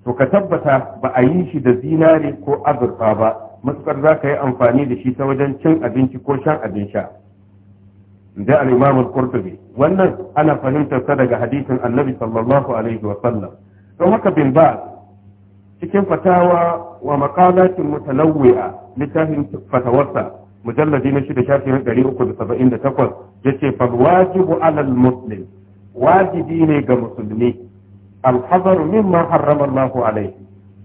to ka tabbata ba a yi shi da zinare ko azurfa ba matukar za ka yi amfani da shi ta wajen cin abinci ko shan abin sha da al-imam qurtubi wannan ana fahimtar sa daga hadisin annabi sallallahu alaihi wa sallam don haka bin ba cikin fatawa wa maqalatin mutanawwi'a littafin fatawarsa mujalladi na shida shafi na ɗari uku da saba'in da takwas ya ce fal wajibu alal muslim wajibi ne ga musulmi alhazaru mimma harrama Allahu alaihi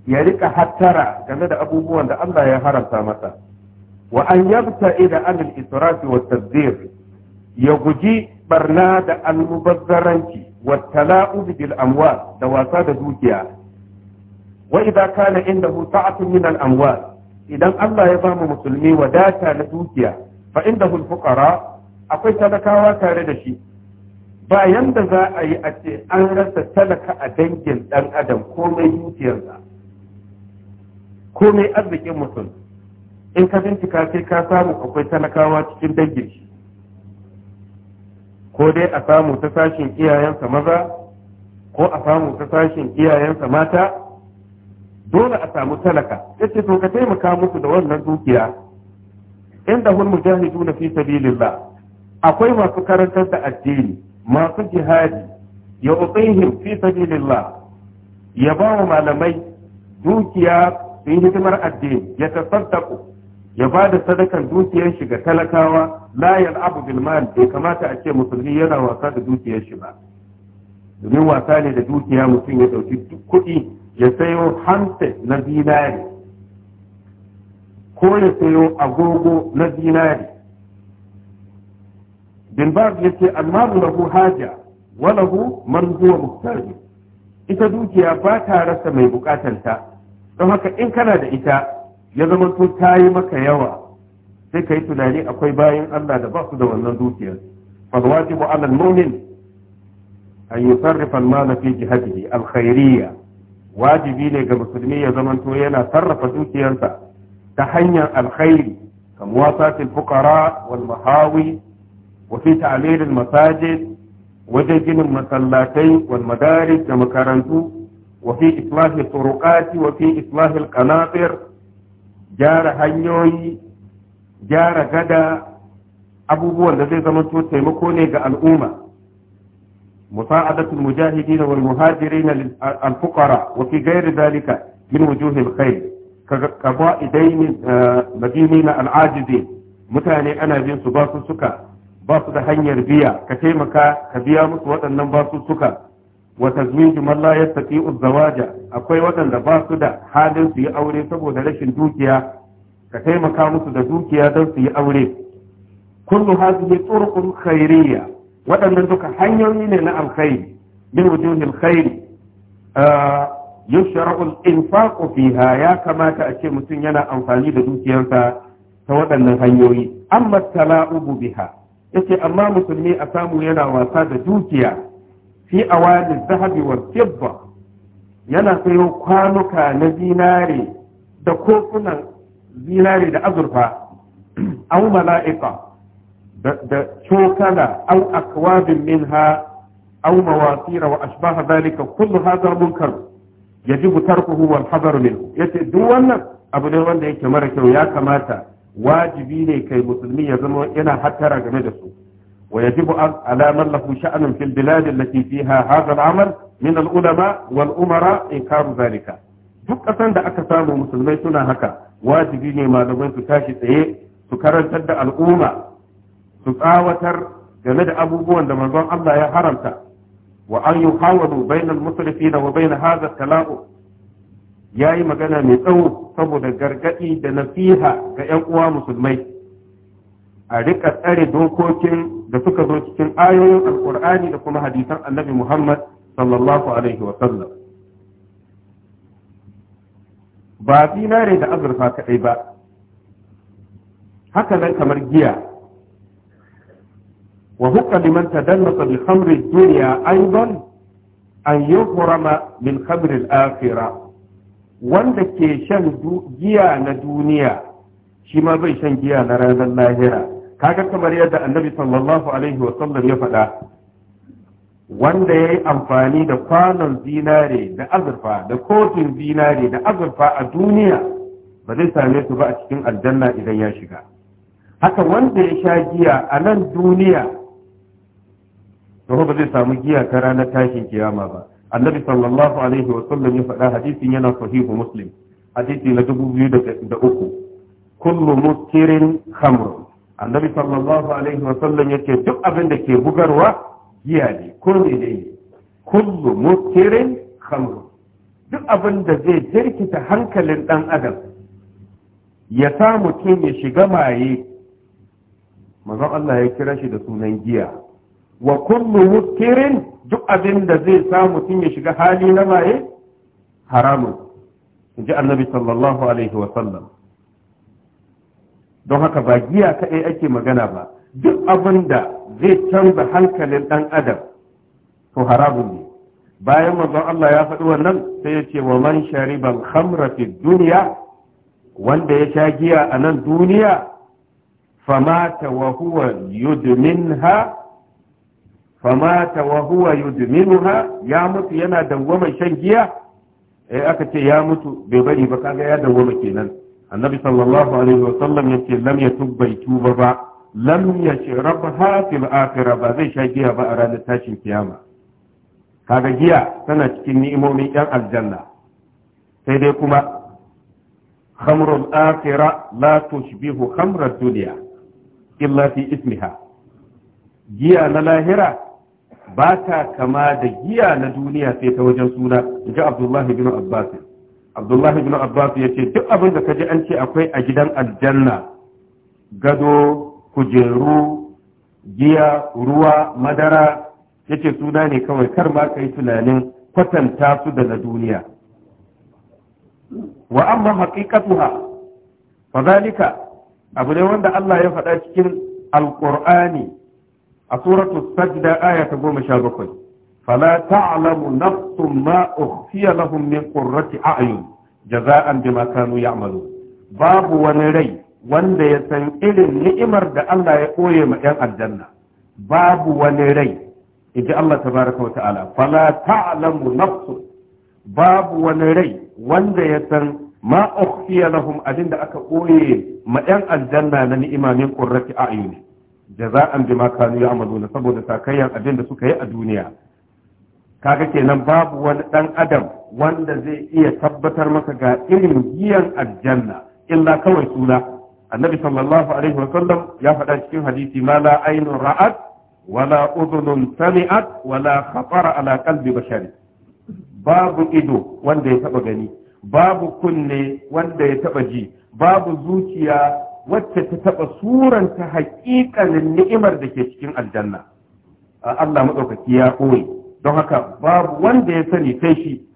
ya rika hattara game da abubuwan da Allah ya haramta masa wa an yabta ila anil israfi wa tadzir ya guji barna da almubazzaranci wa tala'ub bil amwal da wasa da dukiya wa idza kana indahu sa'atun min al-amwal idan Allah ya bamu musulmi wadata na dukiya fa indahu akwai talakawa tare da shi ba yanda za a yi a ce an rasa talaka a dangin ɗan adam komai dukiyarsa komai arzikin mutum in ka bincika sai ka samu akwai talakawa cikin dangin shi ko dai a samu ta sashin iyayensa maza ko a samu ta sashin iyayensa mata dole a samu talaka yace to ka taimaka musu da wannan dukiya inda hul mujahiduna fi sabilillah akwai masu karantar da addini masu jihadi ya utsihim fi sabilillah ya ba wa malamai dukiya sun yi hidimar addini ya tasaddaku ya ba da sadakan dukiyar shi ga talakawa la yal'abu bil mal bai kamata a ce musulmi yana wasa da dukiyar shi ba domin wasa ne da dukiya mutum ya dauki kuɗi ya sayo hanset na zinari ko ya sayo agogo na zinari bin ya ce almaru lahu haja wa man zuwa muhtaji ita dukiya ba ta rasa mai bukatanta don haka in kana da ita ya zama to ta yi maka yawa sai ka yi tunani akwai bayan Allah da ba su da wannan dukiyar فالواجب على المؤمن أن يصرف المال في جهته الخيرية wajibi ne ga musulmi ya zamanto yana sarrafa dukiyarsa ta hanyar alkhairi kam wasatil fuqara wal mahawi wa fi ta'mir masajid wajen ginin masallatai wal madaris da makarantu wa fi islahi turuqati wa fi islahi gyara hanyoyi gyara gada abubuwan da zai zamanto taimako ne ga al'umma مساعدة المجاهدين والمهاجرين الفقراء وفي غير ذلك من وجوه الخير كقائدين na العاجزين mutane ana bin su basu suka ba da hanyar biya ka taimaka ka biya musu waɗannan basu suka wa tazmiju man la yastati'u zawaja akwai waɗanda ba su da halin suyi aure saboda rashin dukiya ka taimaka musu da dukiya don suyi yi aure kullu hadhihi turqun khairiyya waɗannan duka hanyoyi ne na alkhairi min wujuhil khairi ah, yushra'ul infaqu fiha ya kamata a ce mutum yana amfani da dukiyarsa ta waɗannan hanyoyi amma tala'ubu biha yace amma musulmi a samu yana wasa da dukiya fi awali zahabi wal fidda yana sayo kwanuka na zinare da kofunan zinare da azurfa au mala'ika da cokala au akwabin minha au mawasira wa ashbaha dhalika kullu hadha munkar yajibu tarkuhu wal hadaru minhu yace duk wannan abu ne wanda yake mara kyau ya kamata wajibi ne kai musulmi ya zama yana hattara game da su ويجب على من له شأن في البلاد التي فيها هذا العمل من العلماء والأمراء إنكار ذلك duk kasan da aka samu musulmai suna haka wajibi ne malamai su tashi tsaye su karantar da al'umma su tsawatar game da abubuwan da manzon Allah ya haramta wa an yuhawalu musulfi da wa haza talau ya yayi magana mai tsawo saboda gargadi da nasiha ga yan uwa musulmai a rika tsare dokokin da suka zo cikin ayoyin alqur'ani da kuma hadisan annabi Muhammad sallallahu alaihi wa sallam ba zinare da azurfa kaɗai ba haka nan kamar giya وهك لمن تدلس بخمر الدنيا أيضا أن يحرم من خمر الآخرة wanda ke shan giya na duniya shi ma bai shan giya na ranar lahira kaga kamar yadda annabi sallallahu alaihi wa sallam ya faɗa wanda ya yi amfani da kwanon zinare da azurfa da kotun zinare da azurfa a duniya ba zai same su ba a cikin aljanna idan ya shiga haka wanda ya sha giya a nan duniya to ba zai samu giya ta ranar tashin kiyama ba annabi sallallahu alaihi wa sallam ya faɗa hadisin yana sahihu muslim hadisi na dubu biyu da uku kullu muskirin khamr annabi sallallahu alaihi wa sallam yake duk abin da ke bugarwa giya ne kullu ne kullu muskirin khamr duk abin da zai jirkita hankalin dan adam ya samu mutum ya shiga maye manzon Allah ya kira shi da sunan giya wa kullu mukirin duk abin da zai sa mutum ya shiga hali na maye haramun ji annabi sallallahu alaihi wa sallam don haka ba giya kaɗai ake magana ba duk abin da zai canza hankalin ɗan adam to haramun ne bayan manzon Allah ya faɗi wannan sai ya ce wa man shariban khamra fi duniya wanda ya sha giya a nan duniya famata wa huwa yudminha فمات وهو يدمنها يا مت ينا دوما شنجيا اي اكتي يا مت ببني بكا يا دوما كينان النبي صلى الله عليه وسلم يقول لم يتوب بيتوب با لم يشربها في الآخرة با زي شاكيها با أرانة تاشن كياما هذا جيا سنة كني إمومي يان الجنة سيديكما خمر الآخرة لا تشبه خمر الدنيا إلا في اسمها جيا نلاهرة ba ta kama da giya na duniya sai ta wajen suna ji abdullahi bin abbas abdullahi bin abbas ya ce duk abin da ka ji an ce akwai a gidan aljanna gado kujeru giya ruwa madara ya ce suna ne kawai kar ma kai tunanin kwatanta su da na duniya wa amma haƙiƙatuha fa zalika abu ne wanda Allah ya faɗa cikin alƙur'ani a suratu sajda aya ta goma sha bakwai fala ta'lamu nafsun ma ukhfiya lahum min qurrati a'yun jaza'an bima kanu ya'malu babu wani rai wanda ya san irin ni'imar da Allah ya koye ma yan aljanna babu wani rai inji Allah tabaraka wa ta'ala fala ta'lamu nafsun babu wani rai wanda ya san ma ukhfiya lahum abinda aka koye ma yan aljanna na ni'imamin qurrati a'yun jaza'an bima kanu ya'maluna saboda sakayyan abin da suka yi a duniya kaga kenan babu wani dan adam wanda zai iya tabbatar maka ga irin giyan aljanna illa kawai suna annabi sallallahu alaihi wa sallam ya faɗa cikin hadisi ma la aynun ra'at wala udhunun sami'at wala khatara ala qalbi bashari babu ido wanda ya taba gani babu kunne wanda ya taba ji babu zuciya wacce ta taɓa suranta haƙiƙanin ni'imar da ke cikin aljanna Allah maɗaukaki ya ɓoye don haka babu wanda ya sani sai shi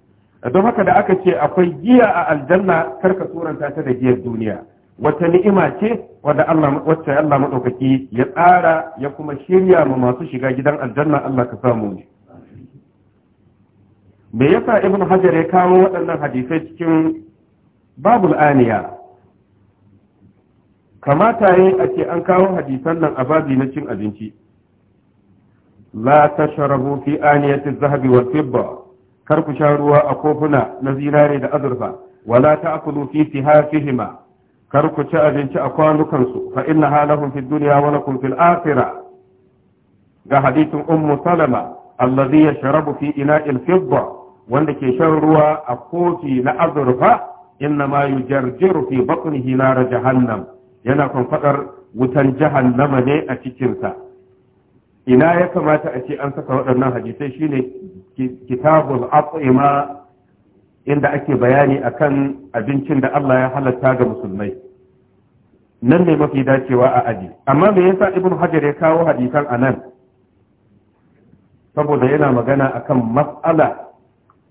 don haka da aka ce akwai giya a aljanna karka suranta ta da giyar duniya wata ni'ima ce wadda Allah wacce Allah maɗaukaki ya tsara ya kuma shirya ma masu shiga gidan aljanna Allah ka samu ne me yasa ibn hajar ya kawo waɗannan hadisai cikin babul aniya kamata yi a ce an kawo hadisan nan a babi na cin abinci la sharabu fi aniyati zahabi wal Fibba, kar ku sha ruwa a kofuna na zinare da azurfa wala ta'kulu fi sihafihima kar ku ci abinci a kwanukan su fa inna halahum fi dunya wa lakum fil akhirah ga hadithin ummu salama alladhi yashrabu fi ina'il Fibba, wanda ke shan ruwa a kofi na azurfa inna ma yujarjiru fi batnihi nar jahannam yana kwamfadar wutan jahannama ne a cikinsa ina ya kamata a ce an saka waɗannan hadisai shine kitabul at'ima inda ake bayani akan abincin da Allah ya halatta ga musulmai nan ne mafi dacewa a aji amma me yasa ibnu hajar ya kawo hadisan anan saboda yana magana akan mas'ala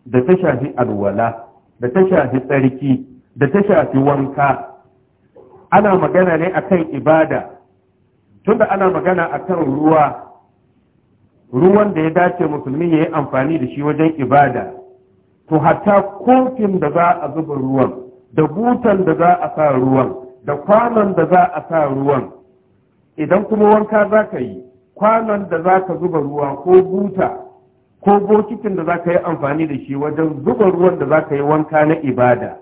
da ta shafi alwala da ta shafi tsarki da ta shafi wanka ana magana ne akan ibada tunda ana magana akan ruwa ruwan da ya dace musulmi ya yi amfani da shi wajen ibada to hatta kofin da za a zuba ruwan da butan da za a sa ruwan da kwanon da za a sa ruwan idan kuma wanka za ka yi kwanon da za ka zuba ruwa ko buta ko bokitin da za ka yi amfani da shi wajen zuba ruwan da za ka yi wanka na ibada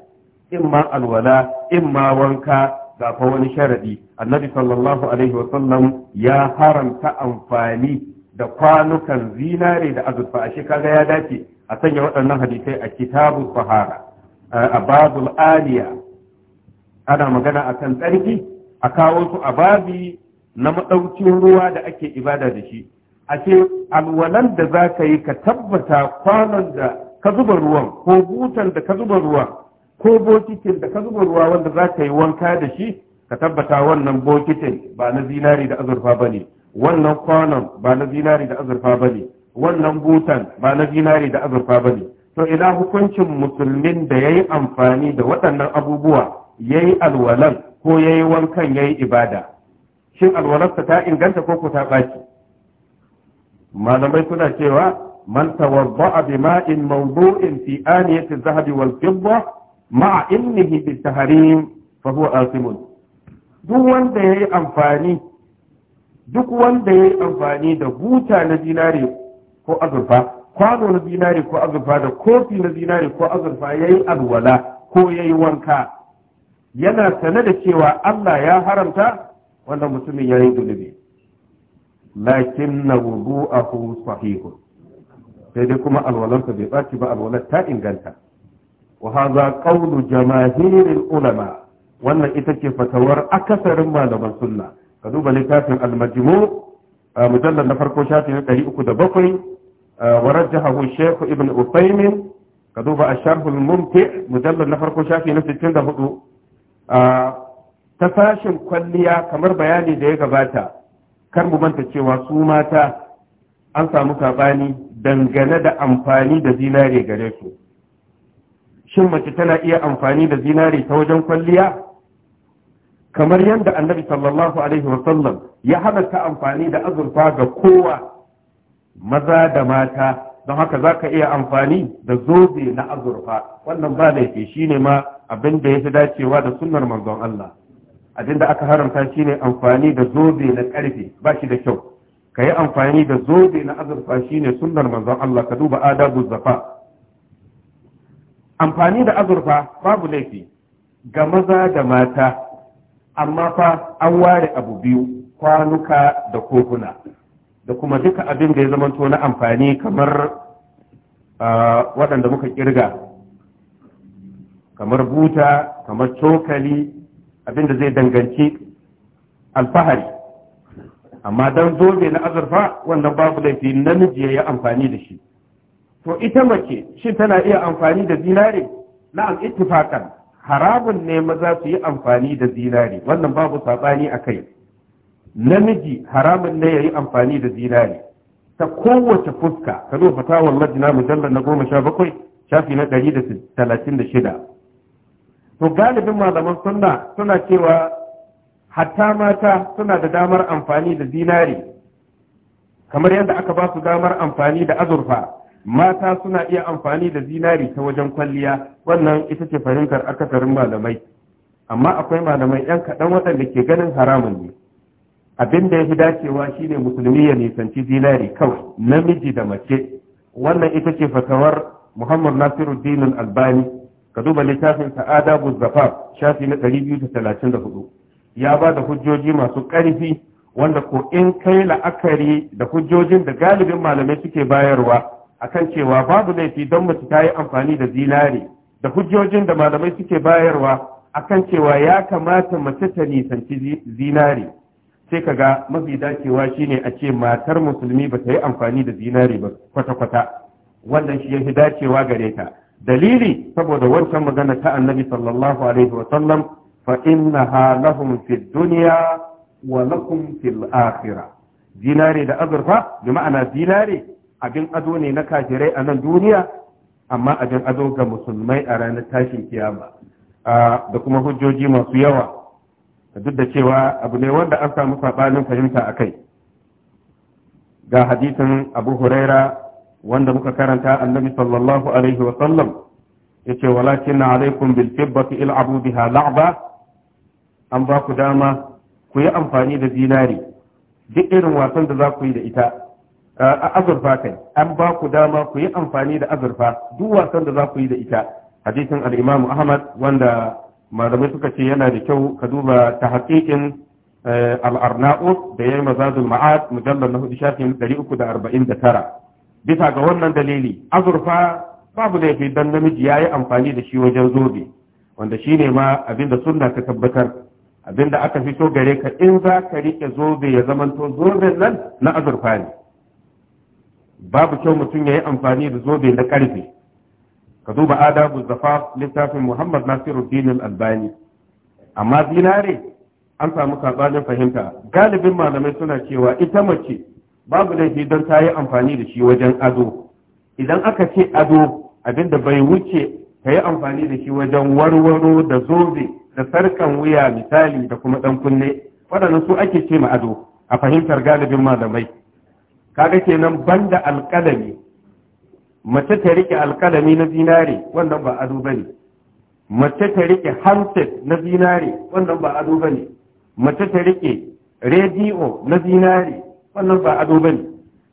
in ma alwala in ma wanka ga fa wani sharadi annabi sallallahu alaihi wasallam ya haramta amfani da kwanukan zinare da azurfa a kaga ya dace a sanya waɗannan hadisai a kitabu sahara a babul aliya ana magana akan tsarki a kawo su a babi na maɗaukin ruwa da ake ibada da shi a ce alwalan da za ka yi ka tabbata kwanon da ka zuba ruwan ko butan da ka zuba ruwan ko bokitin da ka zuba ruwa wanda za ka yi wanka da shi ka tabbata wannan bokitin ba na zinari da azurfa ba ne wannan kwanon ba na zinari da azurfa ba ne wannan butan ba na zinari da azurfa ba ne to ina hukuncin musulmin da ya yi amfani da waɗannan abubuwa ya yi alwalan ko ya yi wankan ya yi ibada shin alwalarsa ta inganta ko ku ta ɓaci malamai suna cewa man tawadda'a bima'in mawdu'in fi aniyati zahabi wal fidda ma'a ilmihi bi tahrim fa huwa asimun duk wanda yayi amfani duk wanda yayi amfani da buta na dinari ko azurfa kwano na dinare ko azurfa da kofi na dinari ko azurfa yayi alwala ko yayi wanka yana sane da cewa Allah ya haramta wannan mutumin yayi zunubi lakin na sahihun sai dai kuma alwalarsa bai ɓaci ba alwala ta inganta wa hadha qawlu jamaahiril ulama wannan ita ce fatawar akasarin malaman sunna ka littafin al-majmu mujallal na farko shafi na 307 wa rajjahahu shaykh ibn uthaymeen ka duba asharh al-mumti mujallal na farko shafi na 64 ta fashin kwalliya kamar bayanin da ya gabata kar mu manta cewa su mata an samu sabani dangane da amfani da zinare gare shin mace tana iya amfani da zinari ta wajen kwalliya kamar yadda annabi sallallahu alaihi wasallam ya halatta amfani da azurfa ga kowa maza da mata don haka za ka iya amfani da zobe na azurfa wannan ba laifi shi ne ma abin da ya fi dacewa da sunnar manzon Allah abin da aka haramta shi ne amfani da zobe na karfe ba shi da kyau ka yi amfani da zobe na azurfa shi ne sunnar manzon Allah ka duba adabu zafa amfani da azurfa babu laifi ga maza da mata amma fa an ware abu biyu kwanuka da kofuna da kuma duka abin da ya zamanto na amfani kamar waɗanda muka kirga kamar buta kamar cokali abin da zai danganci alfahari amma don zobe na azurfa wannan babu laifi namiji ya yi amfani da shi to ita mace shi tana iya amfani da zinare na'am ittifaqan haramun ne maza su yi amfani da zinare wannan babu sabani a kai namiji haramun ne yayi yi amfani da zinare ta kowace fuska ka zo fata wallahi na mujallar na goma shafi na 136 da shida to galibin malaman sunna suna cewa hatta mata suna da damar amfani da zinare kamar yadda aka ba su damar amfani da azurfa mata suna iya amfani da zinari ta wajen kwalliya wannan ita ce fahimtar akasarin malamai amma akwai malamai yan kaɗan waɗanda ke ganin haramun ne abin da ya fi dacewa shine musulmi ya nisanci zinari kawai namiji da mace wannan ita ce fatawar muhammad nasiruddin albani ka duba littafin sa'ada buzzafaf shafi na 234 ya ba da hujjoji masu ƙarfi wanda ko in kai la'akari da hujjojin da galibin malamai suke bayarwa akan cewa babu laifi don mace ta yi amfani da zinare da hujjojin da malamai suke bayarwa akan cewa ya kamata mace ta nisanci zinare sai ka ga mafi dacewa shine a ce matar musulmi ba ta yi amfani da zinare ba kwata-kwata wannan shi yafi dacewa gare ta dalili saboda wancan magana ta annabi sallallahu alaihi wa sallam fa innaha lahum fid dunya wa lakum fil akhirah zinare da azurfa bi ma'ana zinare abin ado ne na kafirai a nan duniya amma abin ado ga musulmai a ranar tashin kiyama da kuma hujjoji masu yawa duk da cewa abu ne wanda an samu saɓanin fahimta a kai ga hadisin abu huraira wanda muka karanta annabi sallallahu alaihi wa sallam ce walakin alaikum bil fibbati il'abu biha la'ba an ba ku dama ku yi amfani da zinari duk irin wasan da za ku yi da ita azurfa kai an ba ku dama ku yi amfani da azurfa duk wasan da za ku yi da ita hadisin al-Imam Ahmad wanda malamai suka ce yana da kyau ka duba ta haƙiƙin eh, al da da yayi mazazul ma'ad mujallar na hudu shafin 349 bisa ga wannan dalili azurfa babu laifi dan namiji yayi amfani da shi wajen zobe wanda shine ma abinda sunna ta tabbatar abinda aka fito gare ka in za ka rike zobe ya zamanto zoben nan na azurfa ne babu kyau mutum ya yi amfani da zobe na ƙarfe, ka duba adabu zafaf littafin muhammad Nasiru, Dinin, albani amma zinare an samu sabanin fahimta galibin malamai suna cewa ita mace babu laifi don ta yi amfani da shi wajen ado idan aka ce ado abin da bai wuce ka yi amfani da shi wajen warwaro da zobe da sarkan wuya misali da kuma ɗan kunne waɗannan su ake ce ma ado a fahimtar galibin malamai kaga kenan banda alƙalami mace ta rike alƙalami na zinare wannan ba ado bane mace ta rike handset na zinare wannan ba ado bane mace ta rike rediyo na zinare wannan ba ado bane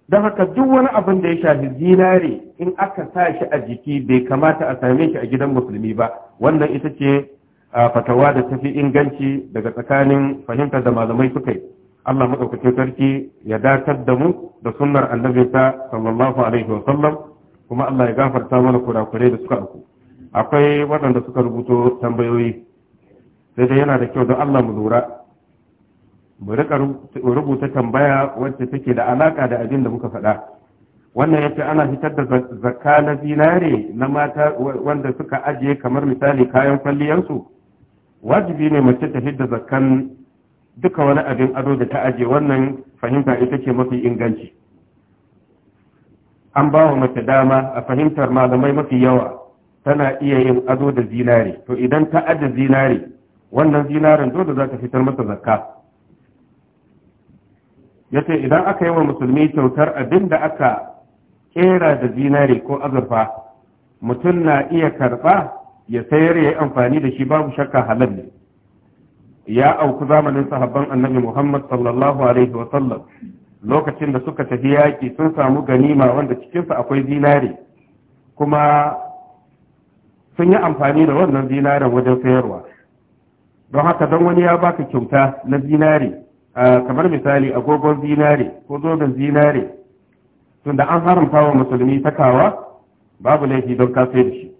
don haka duk wani abin da ya shafi zinare in aka sa shi a jiki bai kamata a same shi a gidan musulmi ba wannan ita ce fatawa da tafi inganci daga tsakanin fahimtar da malamai suka yi Allah madaukakin sarki ya datar da mu da sunnar annabinsa sallallahu alaihi wa sallam kuma Allah ya gafarta mana kurakurai da suka auku akwai waɗanda suka rubuto tambayoyi sai dai yana da kyau don Allah mu lura mu rika rubuta tambaya wacce take da alaka da abin da muka faɗa wannan yace ana fitar da zakka na zinare na mata wanda suka ajiye kamar misali kayan kwalliyarsu wajibi ne mace ta fitar da zakkan duka wani abin ado da ta aje wannan fahimta ita ce mafi inganci an ba wa mace dama a fahimtar malamai mafi yawa tana iya yin ado da zinare to idan ta aje zinare wannan zinaren dole za ta fitar masa zakka yace idan aka yi wa musulmi kyautar abin da aka kera da zinare ko azurfa mutum na iya karba ya sayar ya yi amfani da shi babu shakka halal ne ya auku zamanin sahabban annabi Muhammad sallallahu alaihi wa sallam lokacin da suka tafi yaƙi sun samu ganima wanda cikinsa akwai zinare kuma sun yi amfani da wannan zinaren wajen sayarwa don haka don wani ya baka kyauta na zinare kamar misali agogon zinare ko zoben zinare tunda an haramta wa musulmi takawa babu laifi don ka da shi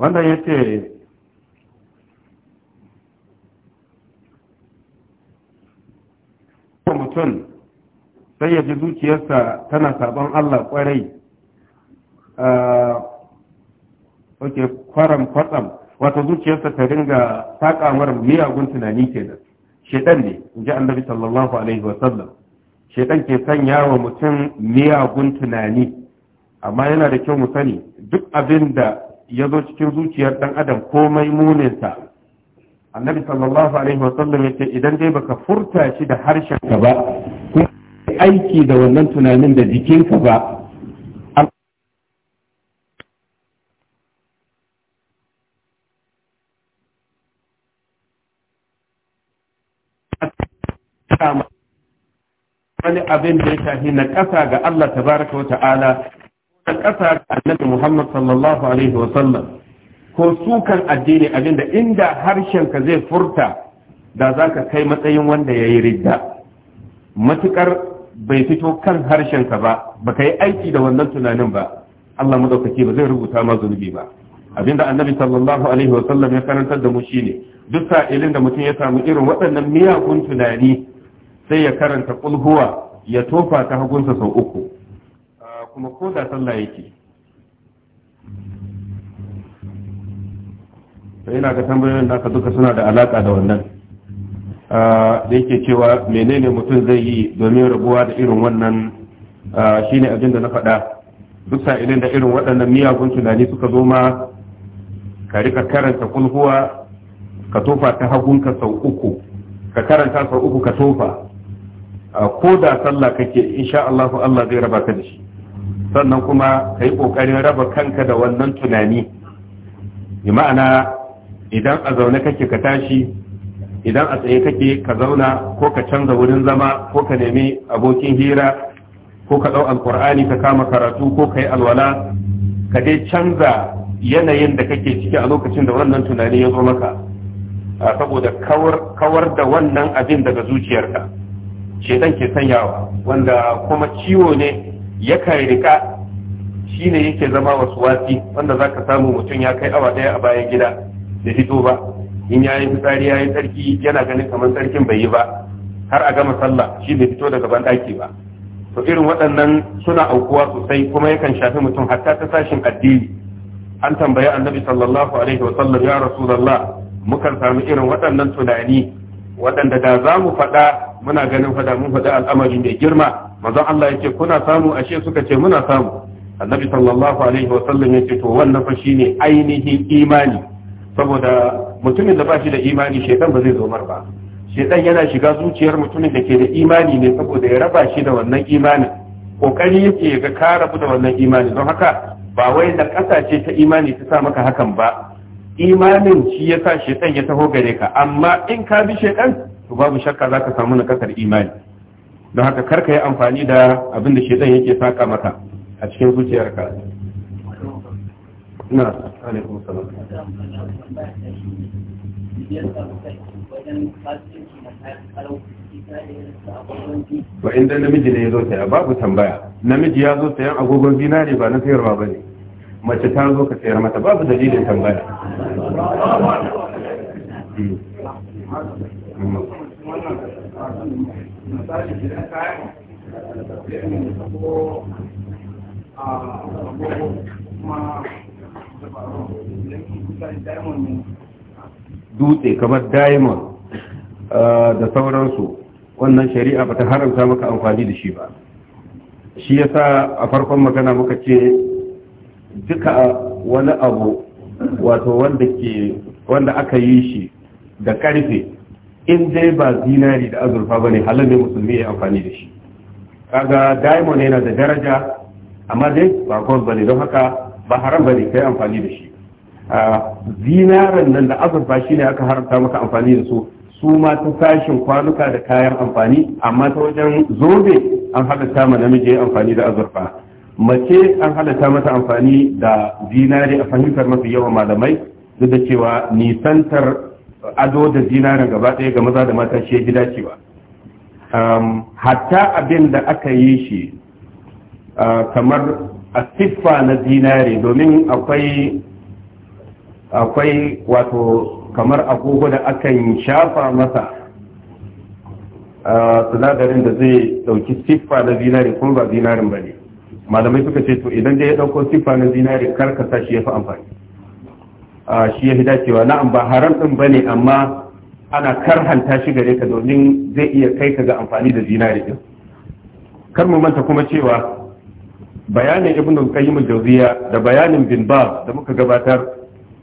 wannan ya ce mutum sai ya ji zuciyarsa tana sabon Allah kwarai oke kwaram kwatsam wato zuciyarsa ta ringa takamar miyagun tunani kenan shaidan ne in ji annabi sallallahu alaihi wasallam shaidan ke sanya wa mutum miyagun tunani amma yana da kyau mu sani duk abin da ya zo cikin zuciyar ɗan adam komai muninsa annabi sallallahu alaihi wasallam ce idan dai baka furta shi da harshen ka ba ko aiki da wannan tunanin da jikinka ba wani abin da ya shafi na ƙasa ga Allah tabaraka wa ta'ala na ƙasa annabi Muhammad sallallahu alaihi wa sallam ko sukan addini abinda inda harshen ka zai furta da za ka kai matsayin wanda ya yi ridda matukar bai fito kan harshen ka ba ba ka yi aiki da wannan tunanin ba Allah madaukaki ba zai rubuta ma zunubi ba abinda annabi sallallahu alaihi wa sallam ya karantar da mu shine duk sa'ilin da mutum ya samu irin waɗannan miyagun tunani sai ya karanta kulhuwa ya tofa ta hagunsa sau uku kuma ko da sallah yake sai Ina ga tambayoyin da duka suna da alaka da wannan ah, da yake cewa menene mutum zai yi domin rabuwa da irin wannan ah, shine abin da na faɗa duk sa'ilin da irin waɗannan miyagun tunani suka zo ma ka rika karanta kulhuwa ka tofa ta hagunka sau uku ka karanta sau uku ka tofa ah, ko da sallah kake insha Allah Allah zai raba ka da shi sannan kuma ka yi ƙoƙarin raba kanka da wannan tunani bi ma'ana idan a zaune kake ka tashi idan a tsaye kake ka zauna ko ka canza wurin zama ko ka nemi abokin hira ko ka ɗau alƙur'ani ka kama karatu ko ka yi alwala ka dai canza yanayin da kake ciki a lokacin da wannan tunani ya zo maka saboda kawar da wannan abin daga zuciyarka shedan ke sanyawa wanda kuma ciwo ne yakan rika shi ne yake zama wasu wasi wanda za ka samu mutum ya kai awa ɗaya a bayan gida da fito ba in ya yi fitsari ya yi tsarki yana ganin kamar tsarkin bai yi ba har a gama sallah shi bai fito daga ban ɗaki ba to irin waɗannan suna aukuwa sosai kuma yakan shafi mutum hatta ta sashin addini an tambayi annabi sallallahu alaihi wa sallam ya rasulullah mukan samu irin waɗannan tunani waɗanda da za mu faɗa muna ganin faɗa mun faɗa al'amari mai girma manzon Allah yake kuna samu ashe suka ce muna samu annabi sallallahu alaihi wa sallam yake to wannan fa shine ainihin imani saboda mutumin da bashi da imani shedan ba zai zo mar ba shedan yana shiga zuciyar mutumin da ke da imani ne saboda ya raba shi da wannan imani kokari yake ga ka rabu da wannan imani don haka ba wai da kasace ta imani ta sa maka hakan ba imanin shi ya sa shedan ya taho gare ka amma in ka bi shedan to babu shakka zaka samu nakasar imani don haka karka yi amfani da abin da shedan yake saka maka a cikin zuciyarka na alaikum salam wa inda namiji ne ya zo saya babu tambaya namiji ya zo sayan agogon zinare ba na sayarwa ba ne mace ta zo ka sayar mata babu dalilin tambaya Thank hmm. you. dutse kamar diamond da sauransu wannan shari'a ba ta haramta maka amfani da shi ba shi yasa a farkon magana muka ce duka wani abu wato wanda ke wanda aka yi shi da karfe in dai ba zinari da azurfa ba ne halar ne musulmi ya amfani da shi kaga diamond yana da daraja amma dai ba gold ba ne don haka ba haram ba ne kai amfani da shi zinaren nan da azurfa shi ne aka haramta maka amfani da su su ma ta sashin kwanuka da kayan amfani amma ta wajen zobe an halatta ma namiji amfani da azurfa mace an halatta mata amfani da zinari a fahimtar mafi yawan malamai duk da cewa nisantar ado da zinarin gaba ɗaya ga maza da mata shi ya fi dacewa um, hatta abin da aka yi shi uh, kamar a siffa na zinare domin akwai akwai wato kamar agogo da akan shafa masa uh, sinadarin da zai dauki siffa na zinare kuma ba zinarin ba ne malamai suka ce to idan da ya ɗauko siffa na zinare karkasa shi ya fi amfani shi ya fi dacewa na'am ba haram ɗin ba ne amma ana karhanta shi gare ka domin zai iya kai ka ga amfani da zinari ɗin kar mu manta kuma cewa bayanin ibn qayyim al-jawziya da bayanin bin ba da muka gabatar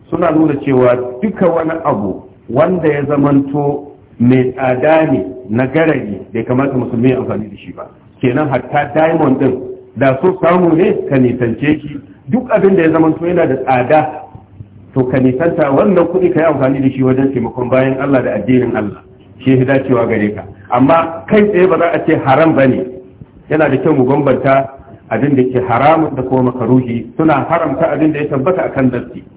suna nuna cewa duka wani abu wanda ya zamanto mai tsada ne na garari bai kamata musulmi ya amfani da shi ba kenan hatta diamond ɗin da so samu ne ka nisance shi duk abin da ya zamanto yana da tsada to ka nisanta wannan kuɗi ka yi amfani da shi wajen taimakon bayan Allah da addinin Allah shi ya dacewa gare ka amma kai tsaye ba za a ce haram ba ne yana da kyau mu bambanta abin da ke haramun da kuma makaruhi suna haramta abin da ya tabbata a kan nafsi